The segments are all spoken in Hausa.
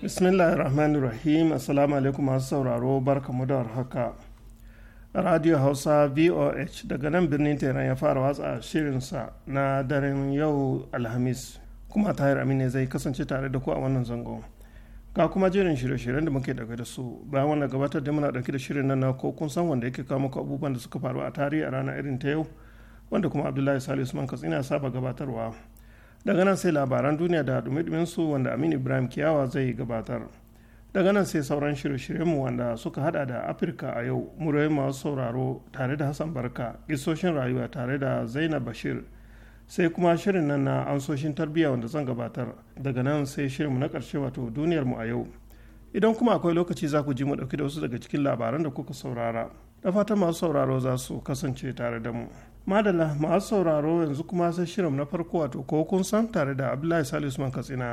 bismillahir rahmanir rahim assalamu alaikum masu sauraro barkamu da haka radio hausa voh daga nan birnin tehran ya fara watsa shirinsa na daren yau alhamis kuma tahir amine zai kasance tare da ku a wannan zangon ga kuma jerin shirye-shiryen da muke daga da su bayan wanda gabatar da muna dauke da shirin nan na ko kun san wanda yake kawo muku abubuwan da suka faru a tarihi a ranar irin ta yau wanda kuma abdullahi salisu man katsina saba gabatarwa daga nan sai labaran duniya da dumi su wanda aminu ibrahim kiyawa zai gabatar daga nan sai sauran shirye-shiryenmu wanda suka hada da afirka a yau murai masu sauraro tare da hassan barka isoshin rayuwa tare da zainab bashir sai kuma shirin nan na amsoshin tarbiyya wanda zan gabatar daga nan sai shirin mu na karshe wato duniyar mu a yau idan kuma akwai lokaci za ku ji mu dauki da wasu daga cikin labaran da kuka saurara da fatan masu sauraro za su kasance tare da mu. madala masu sauraro yanzu kuma sai shirin na farko wato ko kun san tare da abdullahi salisu man katsina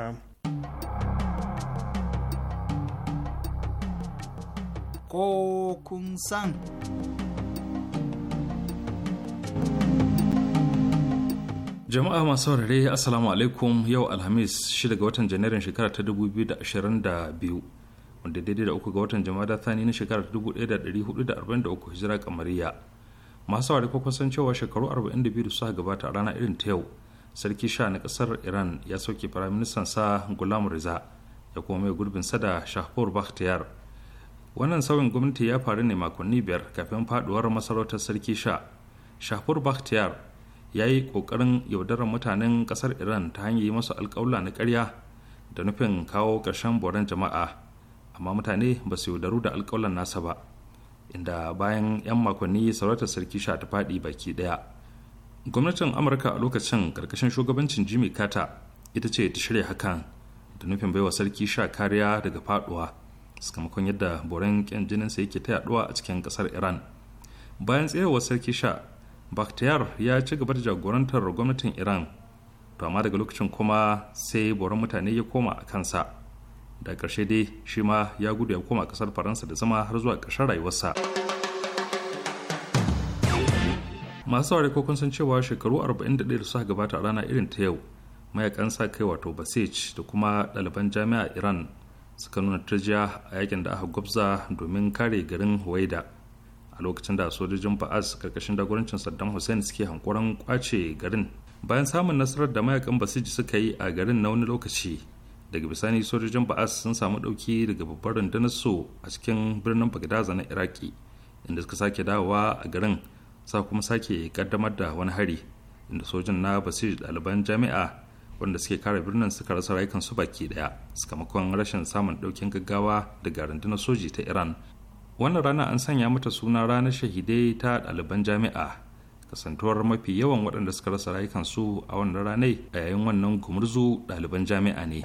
ko kun san jama'a masu saurare assalamu alaikum yau alhamis 6 ga watan janairun shekara ta 2022 wanda daidai da uku ga watan jama'a da thani na shekara ta 1443 hijira kamariya masu saurari ko san cewa shekaru 42 da suka gabata a rana irin ta yau sarki sha na kasar iran ya sauke firaministan sa gulam riza ya kuma mai gurbin sada shahpur bakhtiyar wannan sauyin gwamnati ya faru ne makonni biyar kafin faduwar masarautar sarki sha shahpur bakhtiyar ya yi kokarin yaudarar mutanen kasar iran ta hanyar yi masu alkawla na karya da nufin kawo ƙarshen boran jama'a amma mutane ba su yaudaru da alkawlan nasa ba inda bayan 'yan makonni sarautar sarki sha ta faɗi baki ɗaya gwamnatin amurka a lokacin ƙarƙashin shugabancin jimmy carter ita ce ta shirya hakan da nufin baiwa sarki sha kariya daga faɗuwa sakamakon yadda boran ƙyan jininsa yake ta yaɗuwa a cikin ƙasar iran bayan tsayawar sarki sha bakhtiyar ya ci gaba da jagorantar gwamnatin iran to amma daga lokacin kuma sai boran mutane ya koma a kansa da ƙarshe dai shi ma ya gudu ya koma ƙasar faransa da zama har zuwa ƙarshen rayuwarsa masu saurari ko kun san cewa shekaru 41 da suka gabata a rana irin ta yau mayakan sa kai wato basij da kuma ɗaliban jami'a iran suka nuna turjiya a yakin da aka gwabza domin kare garin huwaida a lokacin da sojojin ba'az karkashin dagorancin saddam hussein suke hankoran kwace garin bayan samun nasarar da mayakan basij suka yi a garin na wani lokaci daga bisani sojojin ba'as sun samu ɗauki daga babbar rundunar su a cikin birnin bagdaza na iraki inda suka sake dawowa a garin sa kuma sake kaddamar da wani hari inda sojin na basir ɗaliban jami'a wanda suke kare birnin suka rasa rayukansu baki ɗaya sakamakon rashin samun ɗaukin gaggawa daga rundunar soji ta iran wannan rana an sanya mata suna ranar shahidai ta ɗaliban jami'a kasantuwar mafi yawan waɗanda suka rasa rayukansu a wannan ranai a yayin wannan gumurzu ɗaliban jami'a ne.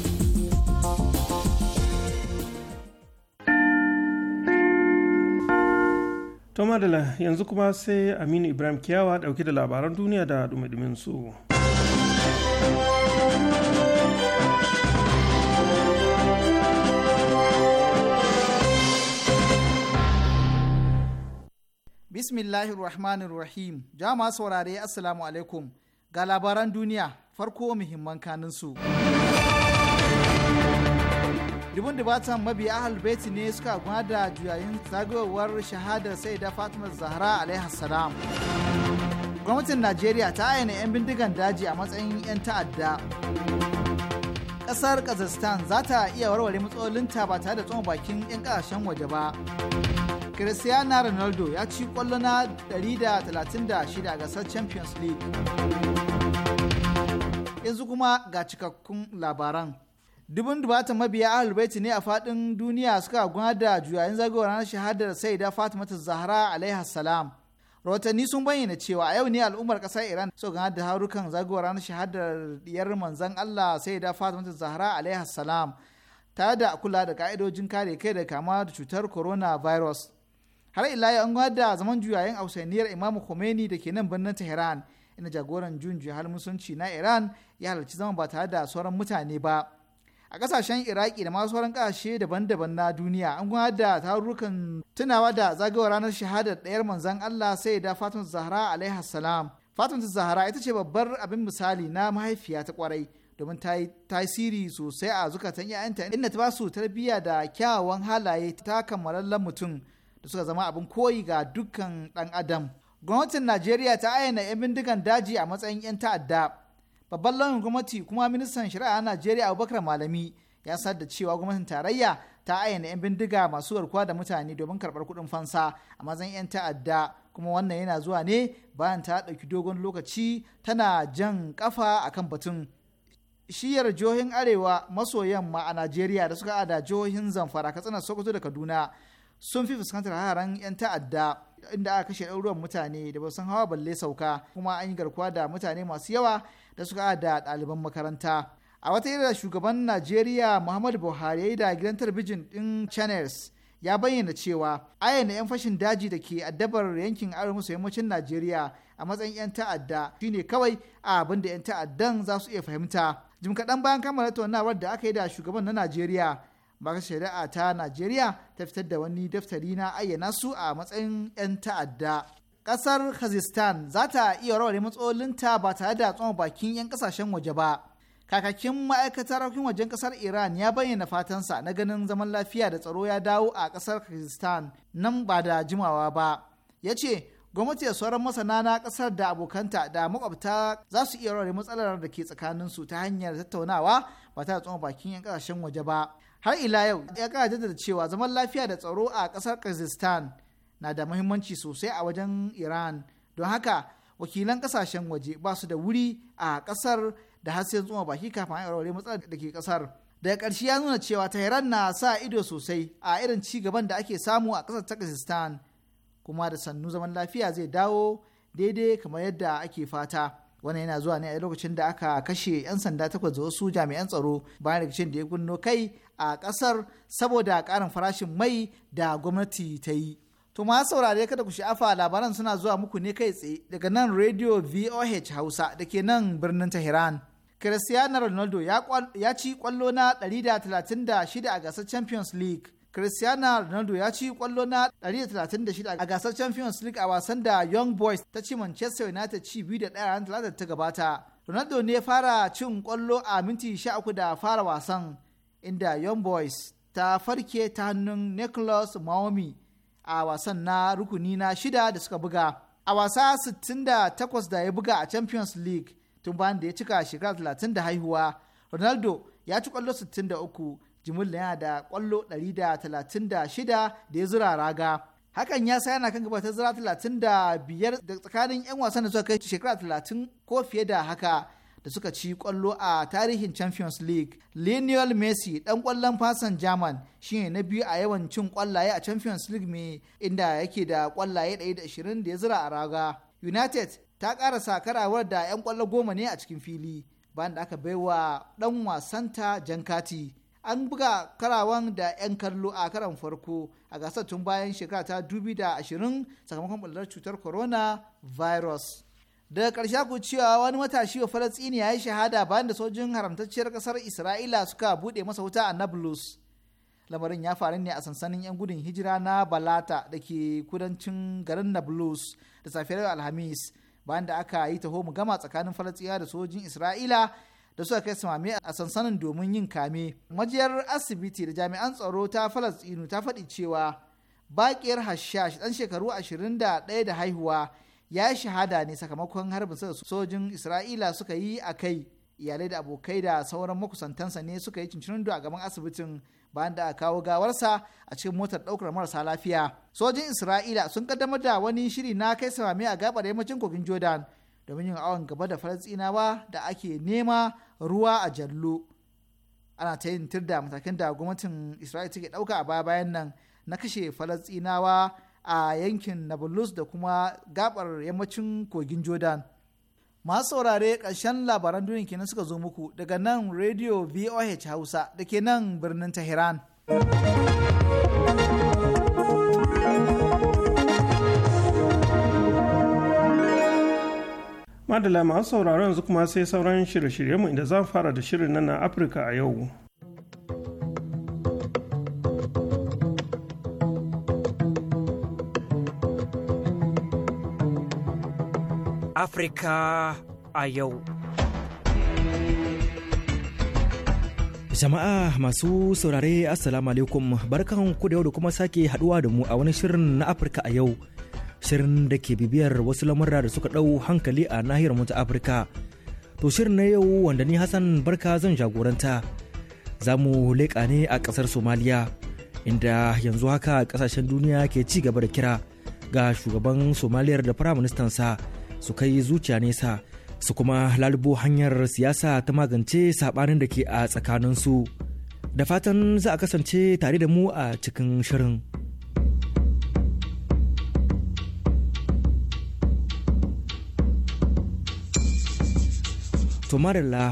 To madala yanzu kuma sai Aminu Ibrahim Kiyawa dauke da labaran duniya da dumadumin su. Bismillahir Rahmanir Rahim. Jama saurare Assalamu alaikum. Ga labaran duniya farko muhimman kanin su. dubun dubatan mabiya ahal baiti ne suka gwada juyayin zagayowar shahadar sai da fatima zahra alaiha salam gwamnatin najeriya ta ayyana 'yan bindigan daji a matsayin 'yan ta'adda kasar kazakhstan za ta iya warware matsalolinta ba tare da tsoma bakin 'yan kasashen waje ba cristiano ronaldo ya ci kwallo na 136 a gasar champions league yanzu kuma ga cikakkun labaran dubin dubatan mabiya ahlul ne a fadin duniya suka gwada juyayin zagayowar ranar shahadar saida fatima zahra alaiha salam rahotanni sun bayyana cewa a yau ne al'ummar kasar iran so gana da harukan zagawar ranar shahadar diyar manzan allah saida fatima zahra alaiha salam tare da kula da ka'idojin kare kai da kama da cutar virus. har ila yau an gwada zaman juyayin ausainiyar imam khomeini da ke nan birnin tehran ina jagoran jun jihar musulunci na iran ya halarci zaman ba tare da sauran mutane ba a kasashen iraki da masu sauran kasashe daban-daban na duniya an gudanar da tarurrukan tunawa da zagayowar ranar shahadar ɗayar manzon allah sai da fatima zahra alaihi salam fatima zahra ita ce babbar abin misali na mahaifiya ta kwarai domin ta tasiri sosai a zukatan 'ya'yanta inda ta ba su tarbiyya da kyawawan halaye ta kammalallen mutum da suka zama abin koyi ga dukkan ɗan adam gwamnatin najeriya ta ayyana 'yan bindigan daji a matsayin 'yan ta'adda babban lauyan gwamnati kuma ministan shari'a a najeriya abubakar malami ya sanar da cewa gwamnatin tarayya ta ayyana 'yan bindiga masu garkuwa da mutane domin karɓar kuɗin fansa a mazan 'yan ta'adda kuma wannan yana zuwa ne bayan ta ɗauki dogon lokaci tana jan kafa akan batun shiyar jihohin arewa maso yamma a najeriya da suka ada jihohin zamfara katsina sokoto da kaduna sun fi fuskantar haran 'yan ta'adda inda aka kashe ɗaruruwan mutane da ba san hawa balle sauka kuma an yi garkuwa da mutane masu yawa da suka da ɗaliban makaranta a wata da shugaban najeriya muhammadu buhari ya yi da gidan talabijin ɗin channels ya bayyana cewa ayyana 'yan fashin daji da ke addabar yankin arewa maso yammacin najeriya a matsayin 'yan ta'adda shine kawai a abin da 'yan ta'addan za su iya fahimta jim kaɗan bayan kammala tattaunawar da aka yi da shugaban na najeriya maka shari'a ta najeriya ta fitar da wani daftari na ayyana su a matsayin 'yan ta'adda ƙasar kazistan za ta iya warware matsalolinta ba tare da tsoma bakin 'yan kasashen waje ba kakakin ma'aikatar harkokin wajen ƙasar iran ya bayyana fatansa na ganin zaman lafiya da tsaro ya dawo a ƙasar kazistan nan ba da jimawa ba ya ce gwamnati da sauran masana na kasar da abokanta da makwabta za su iya rawar matsalar da ke tsakanin su ta hanyar tattaunawa ba ta tsoma bakin 'yan kasashen waje ba har ila yau ya kara jaddada cewa zaman lafiya da tsaro a kasar kazakhstan na da muhimmanci sosai a wajen iran don haka wakilan kasashen waje ba su da wuri a kasar da har sai baki kafin a aure matsalar da ke kasar daga ƙarshe ya nuna cewa tehran na sa ido sosai a irin ci gaban da ake samu a kasar kazakhstan kuma da sannu zaman lafiya zai dawo daidai kamar yadda ake fata wannan yana zuwa ne a lokacin da aka kashe 'yan sanda takwas da wasu jami'an tsaro bayan rikicin da ya kunno kai a ƙasar saboda ƙarin farashin mai da gwamnati ta yi. To ma saurare kada ku sha'afa labaran suna zuwa muku ne kai tsaye daga nan Radio VOH Hausa da ke nan birnin Tehran. Cristiano Ronaldo ya ci kwallo na 136 a gasar Champions League. Cristiano Ronaldo ya ci kwallo na 136 a gasar Champions League a wasan da Young Boys ta ci Manchester United ci biyu da ɗaya ranar talata ta gabata. Ronaldo ne fara cin kwallo a minti 13 da fara wasan. inda young boys ta farke ta hannun nicholas maomi a wasan na rukuni na shida da suka buga a wasa 68 da ya buga a champions league tun bayan da ya cika shekara 30 da haihuwa ronaldo ya ci kwallo 63 jimilla yana da kwallo 136 da ya zura raga hakan ya sa yana kan gaba ta zura 35 da tsakanin 'yan wasan da suka kai shekara 30 ko fiye da haka da suka ci kwallo a tarihin champions league lionel messi dan kwallon fasan german shine na biyu a yawan cin kwallaye a champions league mai inda yake da kwallaye 120 da ya zira a raga united ta karasa karawar da 'yan kwallo goma ne a cikin fili bayan da aka baiwa dan wasanta jan kati an buga karawan da 'yan kallo a karan farko a gasar tun bayan shekara ta 2020 sakamakon cutar corona virus. daga ƙarshe ku cewa wani matashi wa falastini ya yi shahada bayan da sojin haramtacciyar ƙasar isra'ila suka buɗe masa wuta a nablus lamarin ya faru ne a sansanin 'yan gudun hijira na balata da ke kudancin garin nablus da safiyar alhamis bayan da aka yi taho mu gama tsakanin falastiniya da sojin isra'ila da suka kai samame a sansanin domin yin kame majiyar asibiti da jami'an tsaro ta falastinu ta faɗi cewa baƙiyar hashash ɗan shekaru ashirin da da haihuwa ya shahada ne sakamakon harbin da sojin isra'ila suka yi a kai iyalai da abokai da sauran makusantansa ne suka yi cincirindo a gaban asibitin bayan da kawo gawarsa a cikin motar ɗaukar marasa lafiya sojin isra'ila sun kaddamar da wani shiri na kai samami a gabar yammacin kogin jordan domin yin awon gaba da falastinawa da ake nema ruwa a jallo ana ta yin tirda matakan da gwamnatin isra'ila take ɗauka a baya bayan nan na kashe falastinawa a yankin nablus da kuma gabar yammacin kogin jordan masu saurare ƙarshen labaran duniya kenan suka zo muku daga nan radio voh hausa da ke nan birnin tehran madala masu sauraron yanzu kuma sai sauran shirye-shiryenmu inda za fara da shirin nan na afirka a yau Afirka a yau. Jama'a masu saurare Assalamu alaikum barkan ku da yau da kuma sake haduwa da mu a wani shirin na Afirka a yau. Shirin da ke bibiyar wasu lamurra da suka ɗau hankali a nahiyar mu ta Afirka. To shirin na yau wanda ni Hassan barka zan jagoranta. Za mu leƙa ne a ƙasar Somaliya inda yanzu haka ƙasashen duniya ke ci gaba da kira ga shugaban Somaliyar da firaministansa sa su kai zuciya nesa su kuma lalubo hanyar siyasa ta magance saɓanin da ke a tsakaninsu da fatan za a kasance tare da mu a cikin shirin. Somalila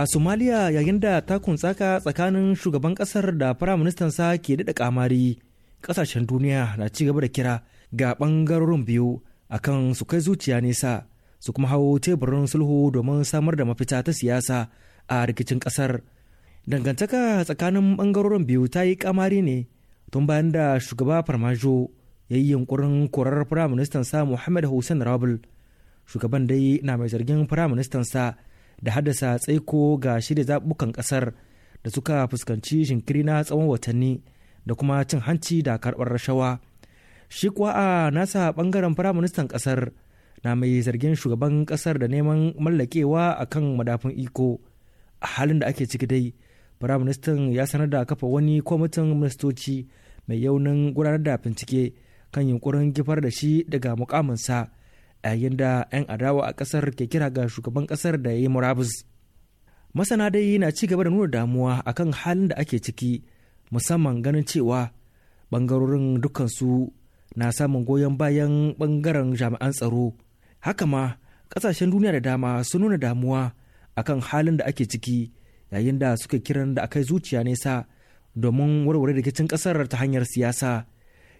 a Somalia yayin da takun tsaka tsakanin shugaban kasar da firaministansa ke daɗa kamari ƙasashen duniya na ci gaba da kira ga ɓangarorin biyu akan su kai zuciya nesa su kuma hau teburin sulhu domin samar da mafita ta siyasa a rikicin kasar dangantaka tsakanin bangarorin biyu ta yi kamari ne tun bayan da shugaba farmajo ya yi yunkurin korar firaministan sa muhammad hussein rabul shugaban dai na mai zargin firaministan sa da haddasa tsaiko ga shirya zabukan kasar da suka fuskanci shinkiri na tsawon watanni da kuma cin hanci da karbar rashawa shi kuwa a nasa bangaren firaministan kasar na mai zargin shugaban kasar da neman mallakewa a kan madafin iko a halin da ake ciki dai firaministan ya sanar da kafa wani kwamitin ministoci mai yaunin gudanar da bincike kan yunkurin gifar da shi daga mukaminsa yayin da 'yan adawa a kasar ke kira ga shugaban kasar da ya yi murabus masana dai na ci gaba da nuna damuwa akan halin da ake ciki musamman ganin cewa bangarorin dukansu na samun goyon bayan bangaren jami'an tsaro haka ma kasashen duniya da dama sun nuna damuwa akan halin da ake ciki yayin da suka kiran da akai zuciya nesa domin warware rikicin kasar ta hanyar siyasa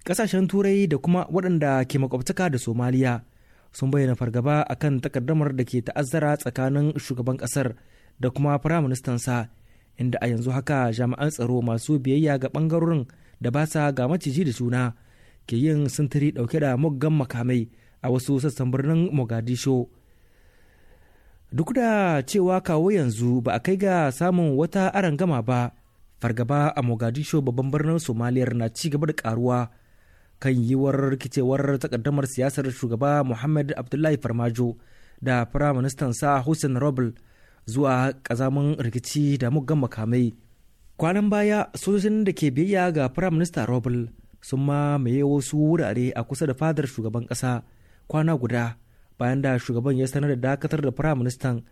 kasashen turai da kuma waɗanda ke makwabtaka da somaliya sun bayyana fargaba akan takaddamar da ke ta'azzara tsakanin shugaban kasar da kuma firaministansa inda a yanzu haka jami'an tsaro masu biyayya ga ɓangarorin da ba sa ga maciji da juna ke yin sintiri dauke da muggan makamai a wasu sassan birnin mogadisho duk da cewa kawo yanzu ba a kai ga samun wata gama ba fargaba a mogadisho babban birnin somaliyar na ci gaba da karuwa kan yiwuwar rikicewar takaddamar siyasar shugaba muhammad abdullahi farmajo da firaministan sa hussein robel zuwa kazamin rikici da muggan makamai kwanan baya sojojin da ke biyayya ga firaminista robel sun mamaye wasu wurare a kusa da fadar shugaban ƙasa kwana guda bayan da shugaban ya sanar da dakatar da firaministan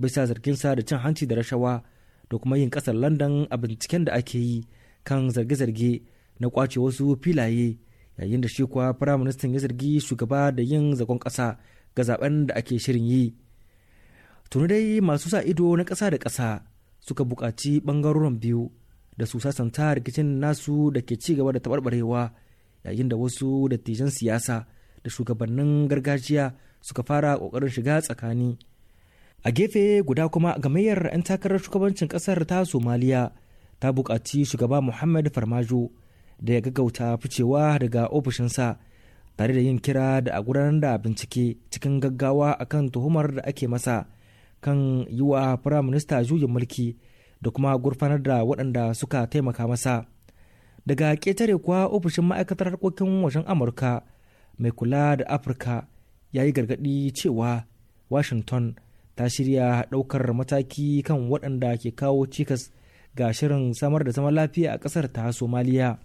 bisa zarginsa da cin hanci da rashawa da kuma yin ƙasar london a binciken da ake yi kan zarge-zarge na kwace wasu filaye yayin da shi kuwa firaministan ya zargi shugaba da yin zagon ƙasa ga zaben da ake shirin yi tuni dai masu sa ido na ƙasa da ƙasa suka buƙaci ɓangarorin biyu da su sasanta rikicin nasu da ke ci gaba da taɓarɓarewa yayin da wasu dattijan siyasa da shugabannin gargajiya suka fara ƙoƙarin shiga tsakani a gefe guda kuma gamayyar 'yan takarar shugabancin ƙasar ta somaliya ta buƙaci shugaba muhammad farmajo da ya gaggauta ficewa daga ofishinsa tare da yin kira da a gudanar da bincike cikin gaggawa akan tuhumar da ake masa kan yi wa firaminista juyin mulki da kuma gurfanar da waɗanda suka taimaka masa daga ƙetare kuwa ofishin ma'aikatar harkokin wajen amurka mai kula da afirka ya yi gargaɗi cewa washington ta shirya ɗaukar mataki kan waɗanda ke kawo cikas ga shirin samar da zaman lafiya a ƙasar ta somaliya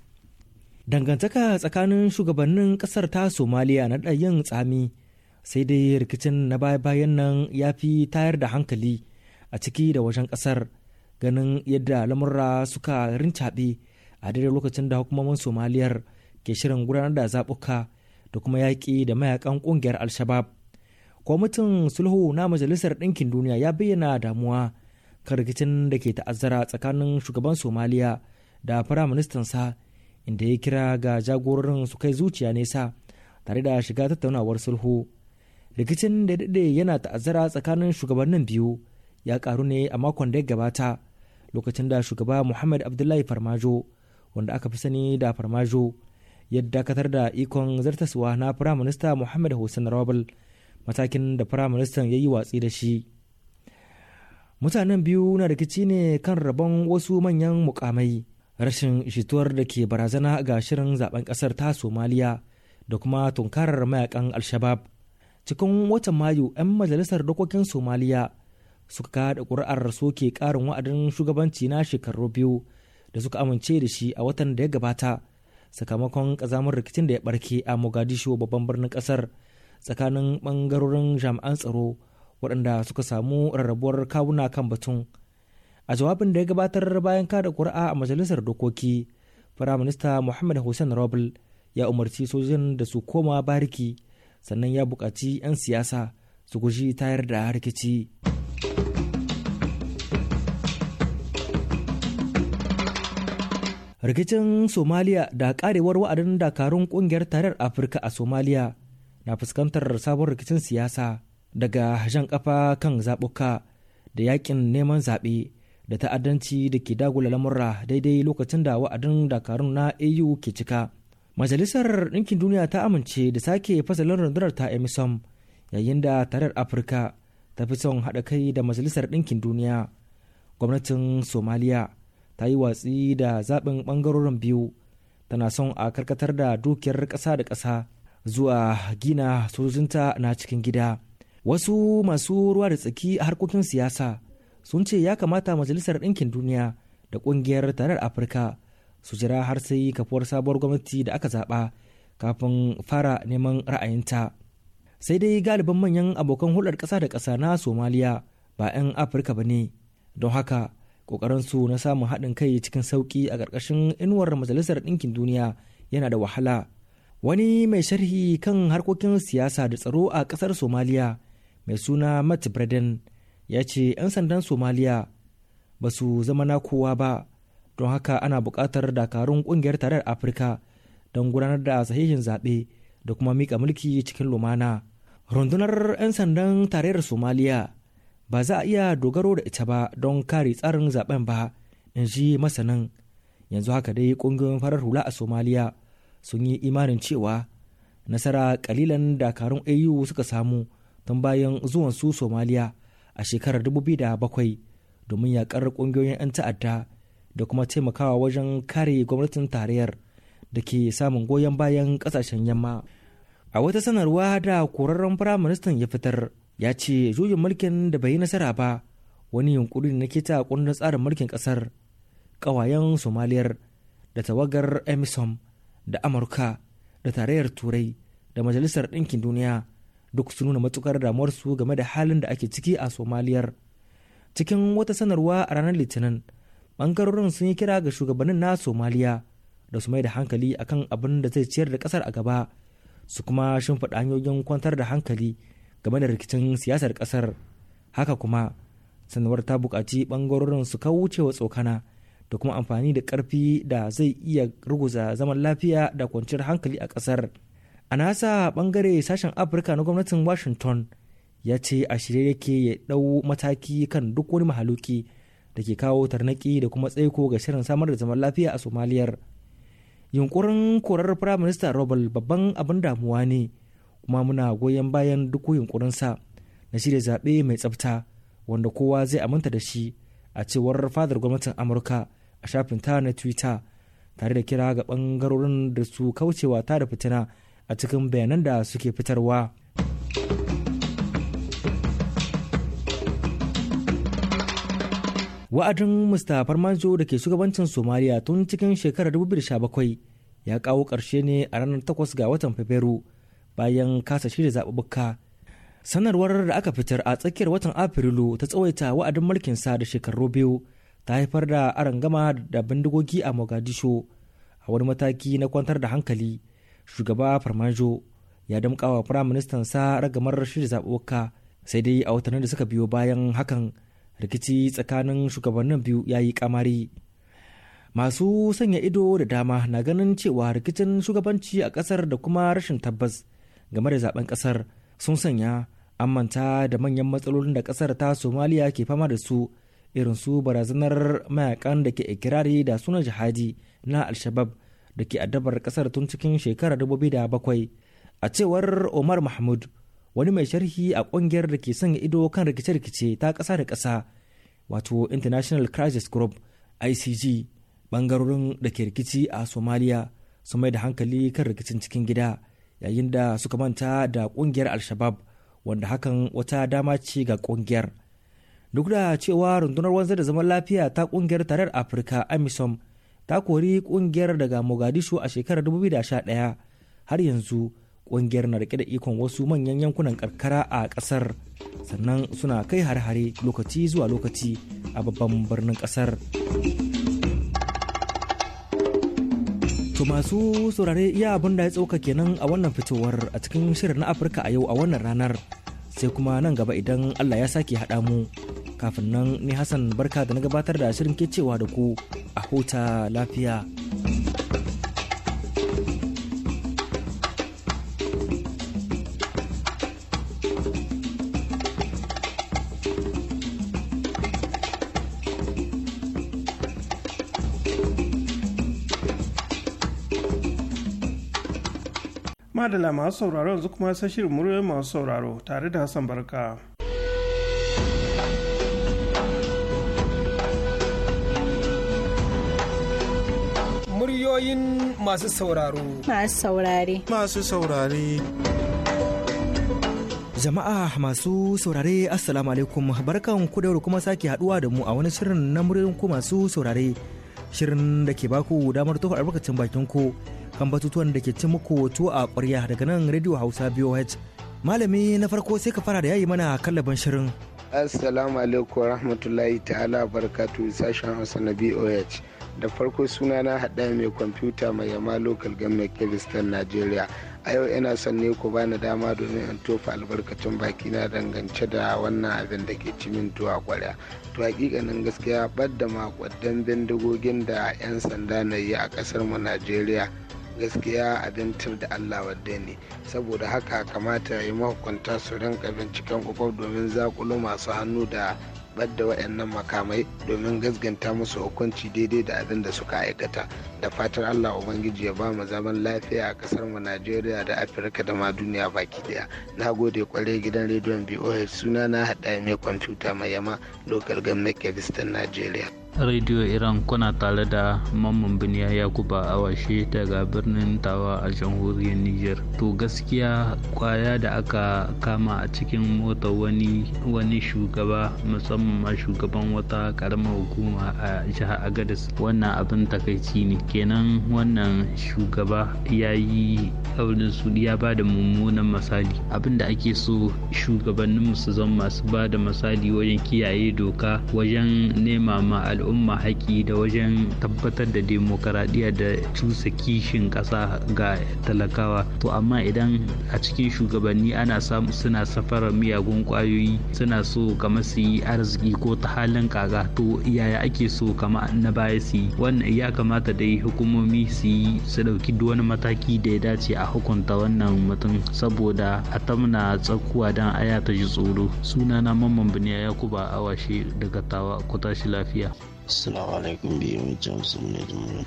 dangantaka tsakanin shugabannin ƙasar ta somaliya na yin tsami sai dai rikicin na baya-bayan nan ya fi tayar da hankali a ciki da wajen ƙasar ganin yadda lamurra suka rincaɓe a daidai lokacin da hukumomin somaliyar ke shirin gudanar da zaɓuka da kuma yaƙi da mayakan ƙungiyar alshabab kwamitin sulhu na majalisar ɗinkin duniya ya bayyana damuwa kan rikicin da ke ta'azzara tsakanin shugaban somaliya da ministansa inda ya kira ga jagororin su kai zuciya nesa tare da shiga tattaunawar sulhu rikicin da daɗe yana ta'azzara tsakanin shugabannin biyu ya karu ne a makon da ya gabata lokacin da shugaba muhammad abdullahi farmajo wanda aka fi sani da farmajo ya dakatar da ikon zartaswa na firaminista muhammad hussein rabal matakin da firaministan ya yi watsi da shi mutanen biyu na rikici ne kan rabon wasu manyan mukamai rashin shituwar da ke barazana ga shirin zaben kasar ta somaliya da kuma tunkarar mayakan alshabab cikin watan mayu 'yan majalisar dokokin somaliya suka kada ƙuri'ar soke karin wa'adin shugabanci na shekaru biyu da suka amince da shi a watan da ya gabata sakamakon ƙazamar rikicin da ya barke a mogadishu babban birnin ƙasar tsakanin bangarorin jami'an tsaro waɗanda suka samu rarrabuwar kawuna kan batun a jawabin da ya gabatar bayan kada ƙuri'a a majalisar dokoki firaminista muhammad hussein robel ya umarci sojojin da su koma bariki sannan ya buƙaci 'yan siyasa su guji tayar da rikici. rikicin somaliya da karewar wa'adin dakarun kungiyar tarar afirka a somaliya na fuskantar sabon rikicin siyasa daga hajjan kafa kan zaɓuka da yakin neman zaɓe da ta'addanci da ke dagula lamurra daidai lokacin da wa'adin dakarun na au ke cika majalisar ɗinkin duniya ta amince da sake fasalin rundunar ta emisom yayin da tarar afirka ta fi son haɗa kai da majalisar ɗinkin duniya gwamnatin somaliya ta yi watsi da zaɓin ɓangarorin biyu tana son a karkatar da dukiyar ƙasa da ƙasa zuwa gina sojojinta na cikin gida wasu masu ruwa da tsaki a harkokin siyasa sun ce ya kamata majalisar ɗinkin duniya da ƙungiyar tarar afirka su jira har sai kafuwar sabuwar gwamnati da aka zaɓa kafin fara neman ra'ayinta sai dai galibin manyan abokan hulɗar ƙasa da ƙasa na somaliya ba 'yan afirka ba ne don haka su na samun haɗin kai cikin sauƙi a ƙarƙashin inuwar majalisar ɗinkin duniya yana da wahala wani mai sharhi kan harkokin siyasa da tsaro a ƙasar somaliya mai suna matt braden ya ce 'yan sandan somaliya ba su zama na kowa ba don haka ana buƙatar dakarun ƙungiyar tarayyar afirka don gudanar da sahihin zaɓe da kuma mika mulki cikin lumana rundunar 'yan sandan tarayyar somaliya ba za a iya dogaro da ita ba don kare tsarin zaben ba in ji masanin yanzu haka dai kungiyoyin farar hula a somaliya sun yi imanin cewa nasara kalilan dakarun au suka samu tun bayan zuwan su somaliya a shekarar 2007 domin yakar kungiyoyin 'yan ta'adda da kuma taimakawa wajen kare gwamnatin tarayyar da ke samun goyon bayan kasashen yamma a wata sanarwa da korarren firaministan ya fitar ya ce juyin mulkin da bai yi nasara ba wani yunkuri na ta kundin tsarin mulkin kasar ƙawayen somaliyar da tawagar emisom da amurka da tarayyar turai da majalisar ɗinkin duniya duk su nuna matukar damuwarsu game da halin da ake ciki a somaliyar cikin wata sanarwa a ranar litinin bangarorin sun yi kira ga shugabannin na somaliya da su mai da hankali akan abin da zai ciyar da kasar a gaba su kuma shimfiɗa hanyoyin kwantar da hankali game da rikicin siyasar ƙasar haka kuma sanarwar ta buƙaci ɓangarorin su kawucewa tsokana da kuma amfani da ƙarfi da zai iya ruguza zaman lafiya da kwanciyar hankali a ƙasar a nasa ɓangare sashen afirka na gwamnatin washington ya ce a shirye yake ya ɗau mataki kan duk wani mahaluki da ke kawo tarnaki da kuma tsaiko ga shirin samar da zaman lafiya a somaliyar yunkurin korar firaminista robert babban abin damuwa ne kuma muna goyon bayan duk yunkurinsa na shirya zaɓe mai tsafta wanda kowa zai aminta da shi a cewar fadar gwamnatin amurka a shafin ta na twitter tare da kira ga ɓangarorin da su kaucewa ta da fitina a cikin bayanan da suke fitarwa wa'adin mr farmajo da ke shugabancin somaliya tun cikin shekarar 2017 ya kawo ƙarshe ne a ranar 8 ga watan fabrairu bayan kasa shirya zaɓuɓɓuka sanarwar da aka fitar a tsakiyar watan afrilu ta tsawaita wa'adin mulkin sa da shekaru biyu ta haifar da arangama da bindigogi a mogadishu a wani mataki na kwantar da hankali shugaba farmajo ya damƙawa firaministan sa ragamar shirya zaɓuɓɓuka sai dai a watannin da suka biyo bayan hakan rikici tsakanin shugabannin biyu ya yi kamari masu sanya ido da dama na ganin cewa rikicin shugabanci a kasar da kuma rashin tabbas game da zaben kasar sun sanya an manta da manyan matsalolin da kasar ta somaliya ke fama da su irin su barazanar mayakan da ke ikirari da sunan jihadi na alshabab da ke addabar kasar tun cikin shekarar 2007 a cewar omar mahmud wani mai sharhi a kungiyar da ke sanya ido kan rikice-rikice ta ƙasa da ƙasa wato international crisis group icg bangarorin da ke rikici a somalia su mai da hankali kan rikicin cikin gida yayin da suka manta da kungiyar al-shabab wanda hakan wata dama ce ga kungiyar duk da cewa rundunar wanzar da zaman lafiya ta kungiyar tarar afirka amisom ta kori kungiyar daga mogadishu a shekarar 2011 har yanzu ƙungiyar na rike da ikon wasu manyan yankunan karkara a ƙasar sannan suna kai har hare lokaci zuwa lokaci a babban birnin ƙasar To masu saurare iya abin da ya tsoka kenan a wannan fitowar a cikin shirin na Afirka a yau a wannan ranar sai kuma nan gaba idan Allah ya sake haɗa mu kafin nan ni Hassan barka da na gabatar da shirin ke cewa da ku a huta lafiya. madala masu sauraro yanzu kuma sai shirin muryoyin masu sauraro tare da hassan barka muryoyin masu sauraro masu saurare masu saurare Jama'a masu saurare Assalamu alaikum barkan ku da kuma sake haduwa da mu a wani shirin na muryoyin ku masu saurare shirin da ke baku damar tofa albarkacin bakin ku kan batutuwan da ke ci muku a ƙwarya daga nan Radio Hausa BOH. Malami na farko sai ka fara da yayi mana kallaban shirin. Assalamu alaikum rahmatullahi ta'ala barkatu sashen Hausa na BOH. Da farko suna na haɗa mai kwamfuta mai yama local government Kevistan nigeria a yau ina son ne ku bani dama domin in tofa albarkacin baki na dangance da wannan abin da ke cimin tuwa kwarya to hakikanin gaskiya da makwadan bindigogin da 'yan sanda na yi a kasar mu najeriya gaskiya abin da allah wadda ne saboda haka kamata ya yi mahukunta su rinka binciken kwakwaf domin zakulu masu hannu da badda waɗannan makamai domin gasganta musu hukunci daidai da abin da suka aikata da fatar allah ubangiji ya ba mu zaman lafiya a ƙasar mu najeriya da afirka da ma duniya baki daya na gode kwarai gidan rediyon boh suna na haɗa mai kwamfuta mai yama lokal gwamnati kebistan najeriya Radio Iran kuna tare da Mamman Biniya Yakuba Awashe daga birnin Tawa a jamhuriyar Niger. To gaskiya kwaya da aka kama a cikin mota wani wani shugaba musamman ma shugaban wata karamar hukuma a jihar agadis wannan abin takaici ne kenan wannan shugaba ya yi aurin su ya ba da mummunan misali abin da ake so shugabanninmu su zama masu ba da misali wajen kiyaye doka wajen nema ma al-hamduliyya. al'umma haƙƙi da wajen tabbatar da demokaradiyya da cusa kishin ƙasa ga talakawa to amma idan a cikin shugabanni ana samu suna safarar miyagun ƙwayoyi suna so kamar su yi arziki ko ta halin kaga to yaya ake so kama na baya su yi wannan ya kamata dai hukumomi su yi su ɗauki duk wani mataki da ya dace a hukunta wannan mutum saboda a tamna tsakuwa don aya ta ji tsoro sunana mamman biniya yakuba awashe daga tawa ku tashi lafiya Assalamu alaikum biyu mai jamus ne da murar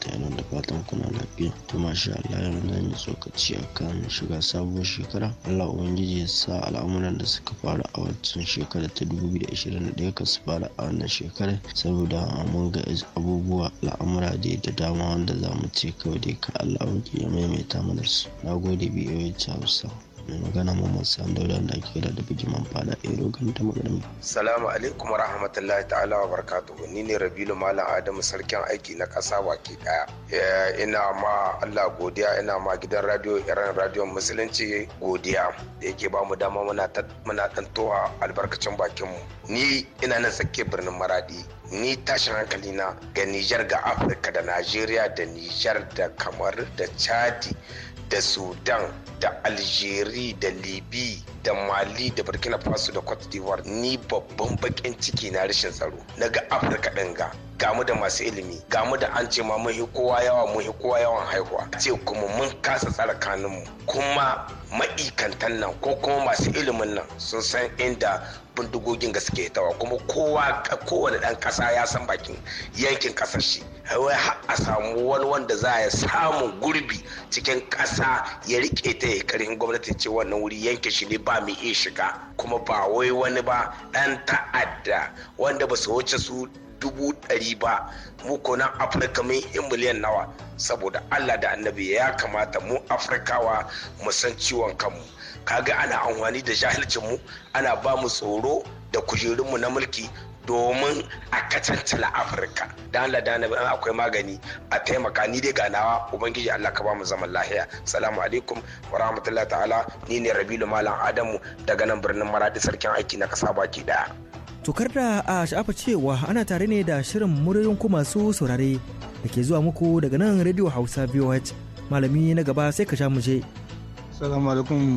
ta yana da fatan kuna lafiya. ta masha Allah yau zan yi tsokaci a kan shiga sabuwar shekara. Allah Ubangiji ya sa al'amuran da suka fara a wancan shekara ta 2021 ka su fara a wannan shekarar saboda mun ga abubuwa al'amura da da dama wanda za mu ce kawai dai ka Allah ya maimaita mana su. Na gode biyu mai jamus. magana mamman sandau da ke da bikin manfada ero kan ta magana salamu alaikum wa rahmatullahi ta'ala wa barakatuhu ni ne rabilu malam adamu sarkin aiki na kasa waki daya eh, ina ma allah godiya ina ma gidan radio iran radio musulunci godiya da yake ba mu dama muna tantowa albarkacin bakin mu ni ina nan sake birnin maradi ni tashin hankali na ga nijar ga afirka da najeriya da nijar da kamar da chadi da sudan da algeria da libi da mali da burkina faso da cote d'ivoire ni babban bakin ciki na rashin tsaro na ga afirka ɗin ga gamu da masu ilimi gamu da an ce ma muhi kowa yawa muhi kowa yawan haihuwa ce kuma mun kasa tsara kanunmu kuma ma'ikantan nan ko kuma masu ilimin nan sun san inda bindigogin ga suke tawa kuma kowa kowane dan kasa ya san bakin yankin kasar shi wai a samu wani wanda za ya samu gurbi cikin kasa ya rike ta ya karin gwamnati ce wannan wuri yankin shi ne ba mai iya shiga kuma ba wai wani ba dan ta'adda wanda ba su wuce su dubu ɗari ba mu ko nan afirka mun yi miliyan nawa saboda allah da annabi ya kamata mu afirkawa mu san ciwon kanmu kaga ana amfani da jahilcin mu ana ba mu tsoro da mu na mulki domin a la afirka da allah da annabi akwai magani a taimaka ni dai ganawa ubangiji allah ka ba mu zaman lahiya salamu alaikum wa rahmatullahi ta'ala ni ne rabilu malam adamu daga nan birnin maradi sarkin aiki na kasa baki daya kar da a sha'afa cewa ana tare ne da shirin muryoyin ku masu saurare da ke zuwa muku daga nan Radio Hausa VOH. Malami na gaba sai ka sha mu je. Salamu alaikum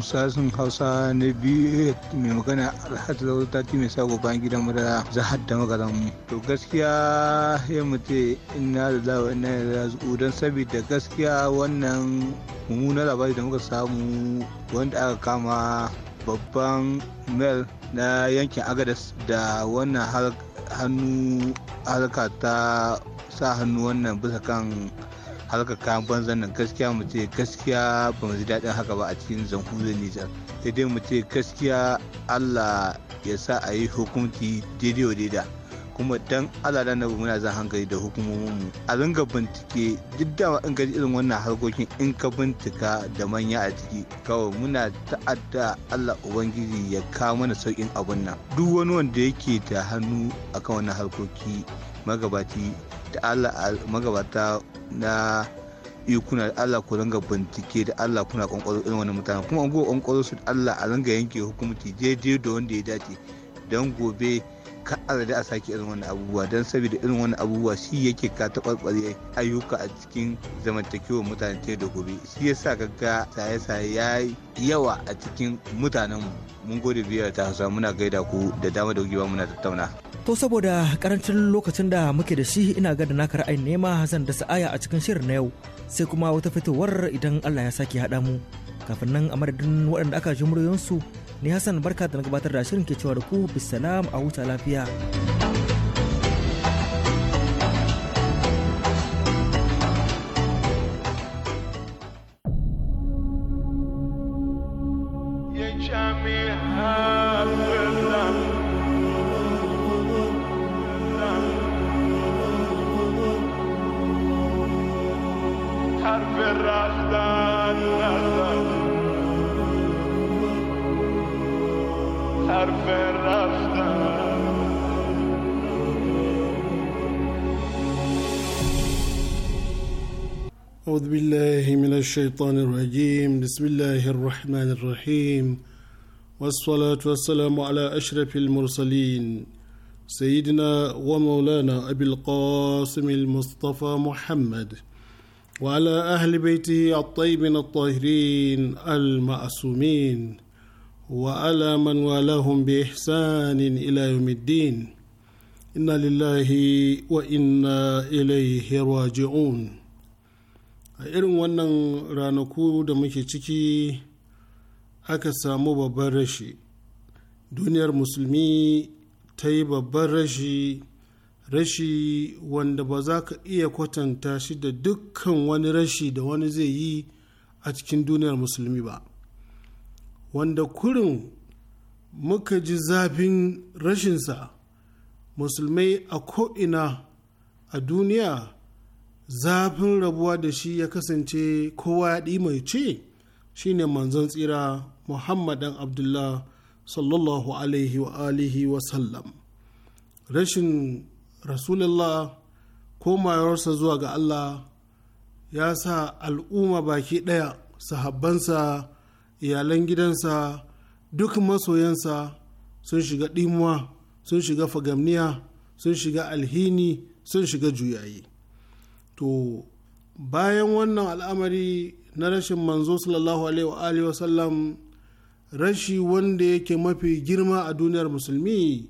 Hausa na biyu mai magana Alhaji wata Tati mai sa bayan gidan mu da zahar da magaran mu. To gaskiya ya mutu ina da zawo ina da zazu don saboda gaskiya wannan mummunan labari da muka samu wanda aka kama babban mel na yankin agadas da wannan hannu harka ta sa hannu wannan bisa kan harkar kayan banzan nan gaskiya mu ce gaskiya ba mu ji daɗin haka ba a cikin zanhuzin nijar sai dai mu ce gaskiya allah ya sa a yi hukunci daidai wa daida kuma dan alala na muna za hankali da hukumomin mu a ringa bincike duk da in ga irin wannan harkokin in ka bincika da manya a ciki kawai muna ta'adda Allah ubangiji ya kawo mana saukin abun nan duk wani wanda yake da hannu akan wannan harkoki magabati da Allah magabata na ikuna da Allah ku ringa bincike da Allah kuna kwankwaro irin wani mutane kuma an go kwankwaro su da Allah a ringa yanke hukumci daidai da wanda ya dace don gobe kan arda a sake irin wani abubuwa don saboda irin wani abubuwa shi yake ka taɓarɓare ayyuka a cikin zamantakewar mutane ta da gobe shi ya sa kaga saye-saye ya yawa a cikin mutanenmu mun gode biyar ta hausa muna gaida ku da dama da gugewa muna tattauna to saboda karancin lokacin da muke da shi ina ga da naka ra'ayin nema zan da sa'aya a cikin shirin na yau sai kuma wata fitowar idan Allah ya sake haɗa mu kafin nan a madadin waɗanda aka ji muryoyinsu ni hassan barka da na gabatar da shirin ke cewa ku bisalam a huta lafiya الشيطان الرجيم بسم الله الرحمن الرحيم والصلاة والسلام على أشرف المرسلين سيدنا ومولانا أبي القاسم المصطفى محمد وعلى أهل بيته الطيبين الطاهرين المعصومين وعلى من والاهم بإحسان إلى يوم الدين إنا لله وإنا إليه راجعون a irin wannan ranaku da muke ciki aka samu babban rashi duniyar musulmi ta yi babban rashi rashi wanda ba za ka iya kwatanta shi da dukkan wani rashi da wani zai yi a cikin duniyar musulmi ba wanda kurin muka ji zafin rashinsa musulmai a ko'ina a duniya zafin rabuwa da shi ya kasance kowa ya ɗi mai ce ne manzon tsira muhammadan abdullah sallallahu alaihi wa alihi wa sallam rashin rasulullah mayarsa zuwa ga allah ya sa al'umma baki ɗaya sahabbansa iyalan gidansa duk masoyansa sun shiga ɗimuwa sun shiga fagamniya sun shiga alhini sun shiga juyayi to bayan wannan al'amari na rashin manzo sallallahu alaihi wa sallam rashi wanda yake mafi girma a duniyar musulmi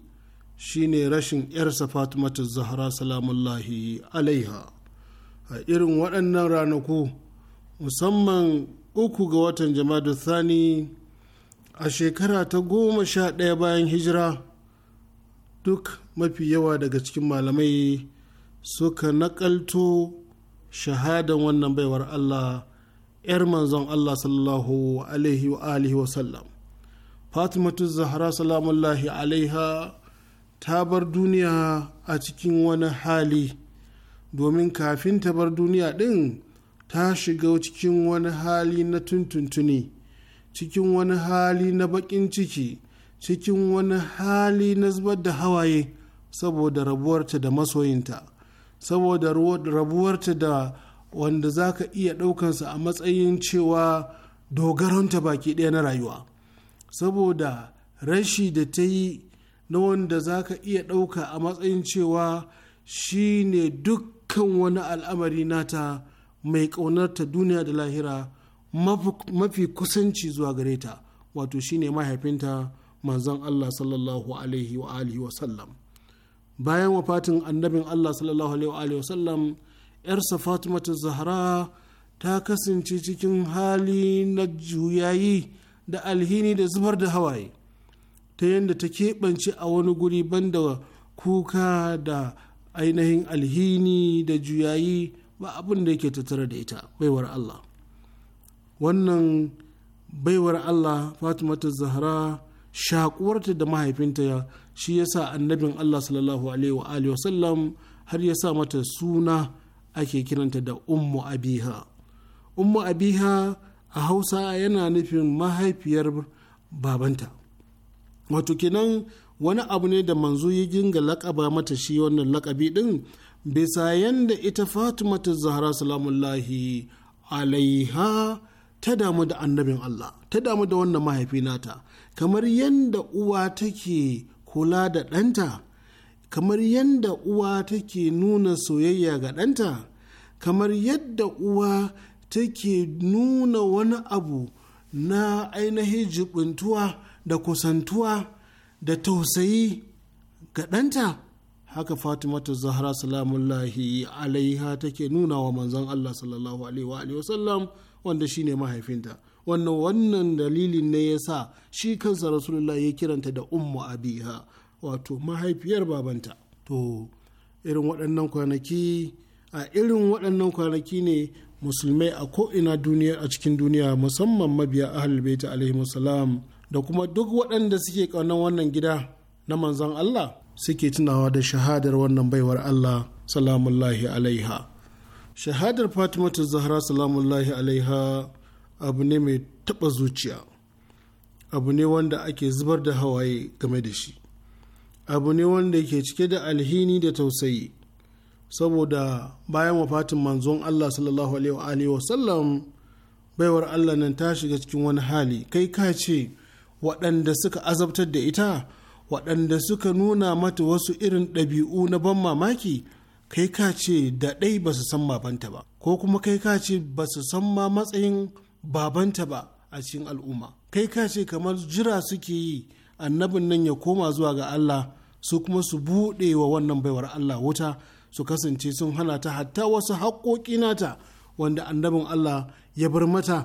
shine rashin yarsa ta zahra salamullahi alaiha a irin waɗannan ranaku musamman uku ga watan jama'a thani a shekara ta goma sha ɗaya bayan hijira duk mafi yawa daga cikin malamai suka nakalto shahadan wannan baiwar Allah ‘yar manzon Allah sallallahu alaihi wa alihi wasallam. Fatimatu Zahra salamullahi alaiha ta bar duniya a cikin wani hali domin kafin ta bar duniya ɗin ta shiga cikin wani hali na tuntuntuni cikin wani hali na baƙin ciki cikin wani hali na zubar da hawaye saboda rabuwarta da masoyinta. saboda rabuwarta da wanda za ka iya ɗaukansa a matsayin cewa dogaronta baki ɗaya na rayuwa saboda rashi da ta yi na wanda za ka iya ɗauka a matsayin cewa shi ne dukkan wani al'amari nata mai ƙaunar ta duniya da lahira mafi kusanci zuwa gare ta wato shi ne mahaifinta manzon allah sallallahu alaihi wa bayan wafatin annabin allah sallallahu alaihi wasallam yarsa fatimatu zahra ta kasance cikin hali na juyayi da alhini da zubar da hawaye ta yadda ta keɓance a wani guri banda kuka da ainihin alhini da juyayi ba abin da yake tattare da ita baiwar allah wannan baiwar allah fatimatu zahra shakuwarta da mahaifinta ya shi ya sa annabin Allah sallallahu alaihi wa wasallam har ya sa mata suna ake kiranta da ummu abiha ummu abiha a hausa yana nufin mahaifiyar babanta wato kenan wani abu ne da manzo ya ginga lakaba mata shi wannan lakabi din bisa yanda ita fatimata ta zahra salamullahi alaiha ta damu da annabin allah ta damu da wannan mahaifi nata kamar yanda uwa take kula da ɗanta kamar yadda uwa take nuna soyayya ga ɗanta kamar yadda uwa take nuna wani abu na ainihin jibintuwa da kusantuwa da tausayi ga ɗanta haka fatimatu zahra salamullahi alaiha take nuna wa manzon allah sallallahu alaihi wa sallam wanda shine mahaifinta wannan wannan dalilin ne ya sa shi kansa rasulullah ya kiranta da ummu abiha wato mahaifiyar babanta to irin waɗannan kwanaki a irin waɗannan kwanaki ne musulmai a ko'ina duniya a cikin duniya musamman mabiya ahlul baiti alaihi salam da kuma duk waɗanda suke ƙaunar wannan gida na manzan Allah suke tunawa da shahadar wannan baiwar Allah salamullahi alaiha shahadar fatimatu zahra salamullahi alaiha abu ne mai taɓa zuciya abu ne wanda ake zubar da hawaye game da shi abu ne wanda ke cike da alhini da tausayi saboda bayan wafatin manzon Allah sallallahu alaihi wa sallam baiwar Allah nan ta shiga cikin wani hali kai ka ce waɗanda suka azabtar da ita waɗanda suka nuna mata wasu irin ɗabi'u na ban mamaki kai ka ce da ɗai ba su san babanta ba ko kuma kai ka ce ba su san ma matsayin babanta ba a cikin al'umma kai ka ce kamar jira suke yi annabin nan ya koma zuwa ga Allah su kuma su buɗe wa wannan baiwar Allah wuta su kasance sun hana ta hatta wasu haƙoƙi nata wanda annabin Allah ya bar mata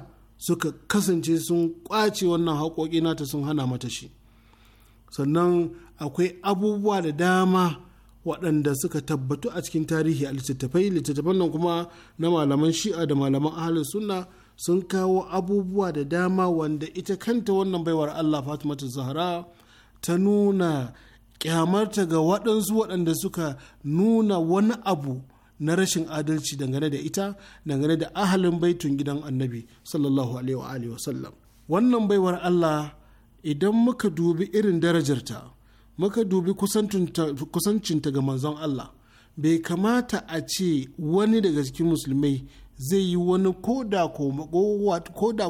suka kasance sun ƙwace wannan haƙoƙi nata sun hana mata shi sannan akwai abubuwa da dama waɗanda suka tabbatu a cikin tarihi a littattafai littattafan nan kuma na malaman shi'a da malaman ahalin sunna sun kawo abubuwa da dama wanda ita kanta wannan baiwar Allah Fatimatu Zahra ta nuna kyamarta ga waɗansu waɗanda suka nuna wani abu na rashin adalci dangane da ita dangane da ahalin baitun gidan annabi sallallahu alaihi wa sallam wannan baiwar Allah idan muka dubi irin darajarta muka dubi kusancinta ga manzon Allah bai kamata a ce wani daga cikin musulmai zai yi wani ko da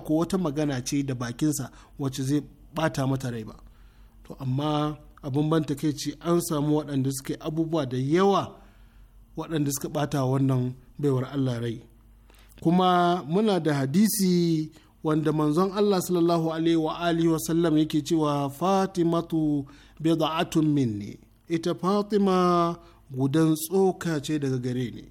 ko wata magana ce da bakinsa wacce zai bata mata rai ba to amma abin ban takeici an samu waɗanda suke abubuwa da yawa waɗanda suka bata wannan baiwar Allah rai kuma muna da hadisi wanda manzon Allah sallallahu alaihi wa alihi wa sallam yake cewa Fatimatu bid'atun minni ita Fatima gudan tsoka ce daga gare ne.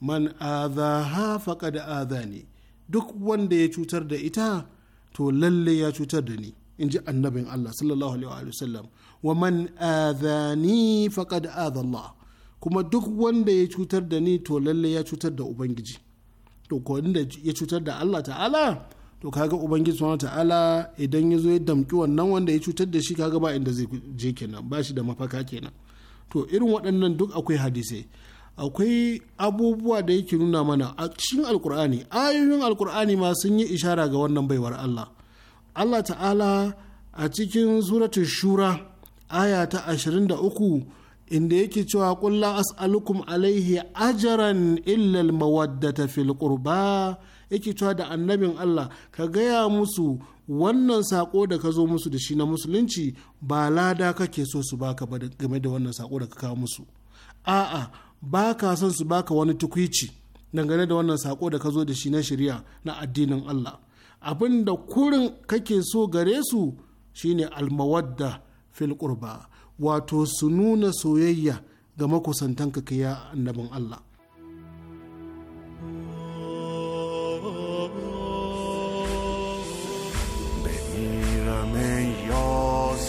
man azaha faqad azani duk wanda ya cutar da ita to lalle ya cutar da ni in ji annabin Allah sallallahu alaihi wa sallam wa man adhani faqad da kuma duk wanda ya cutar da ni to lalle ya cutar da ubangiji to ko da ya cutar da Allah ta'ala to kaga ubangiji subhanahu ta'ala idan ya zo ya damki wannan wanda ya cutar da shi kaga ba inda zai je kenan ba shi da mafaka kenan to irin waɗannan duk akwai hadisai akwai abubuwa da yake nuna mana a cikin alkur'ani ayoyin alkur'ani ma sun yi ishara ga wannan baiwar Allah Allah ta'ala a cikin suratul shura aya ta 23 inda yake cewa qul la as'alukum alaihi ajaran illa mawaddata fil qurba yake cewa da annabin Allah ka gaya musu wannan sako da ka zo musu da shi na musulunci ba lada kake so su baka game da wannan sako da ka kawo musu a'a ba ka son su baka wani tukwici dangane da wannan sako da ka zo da shi na shirya na addinin Allah abin da kurin kake so gare su shine almawadda fil qurba wato su nuna soyayya ga makusantan makusantanka ya annabin Allah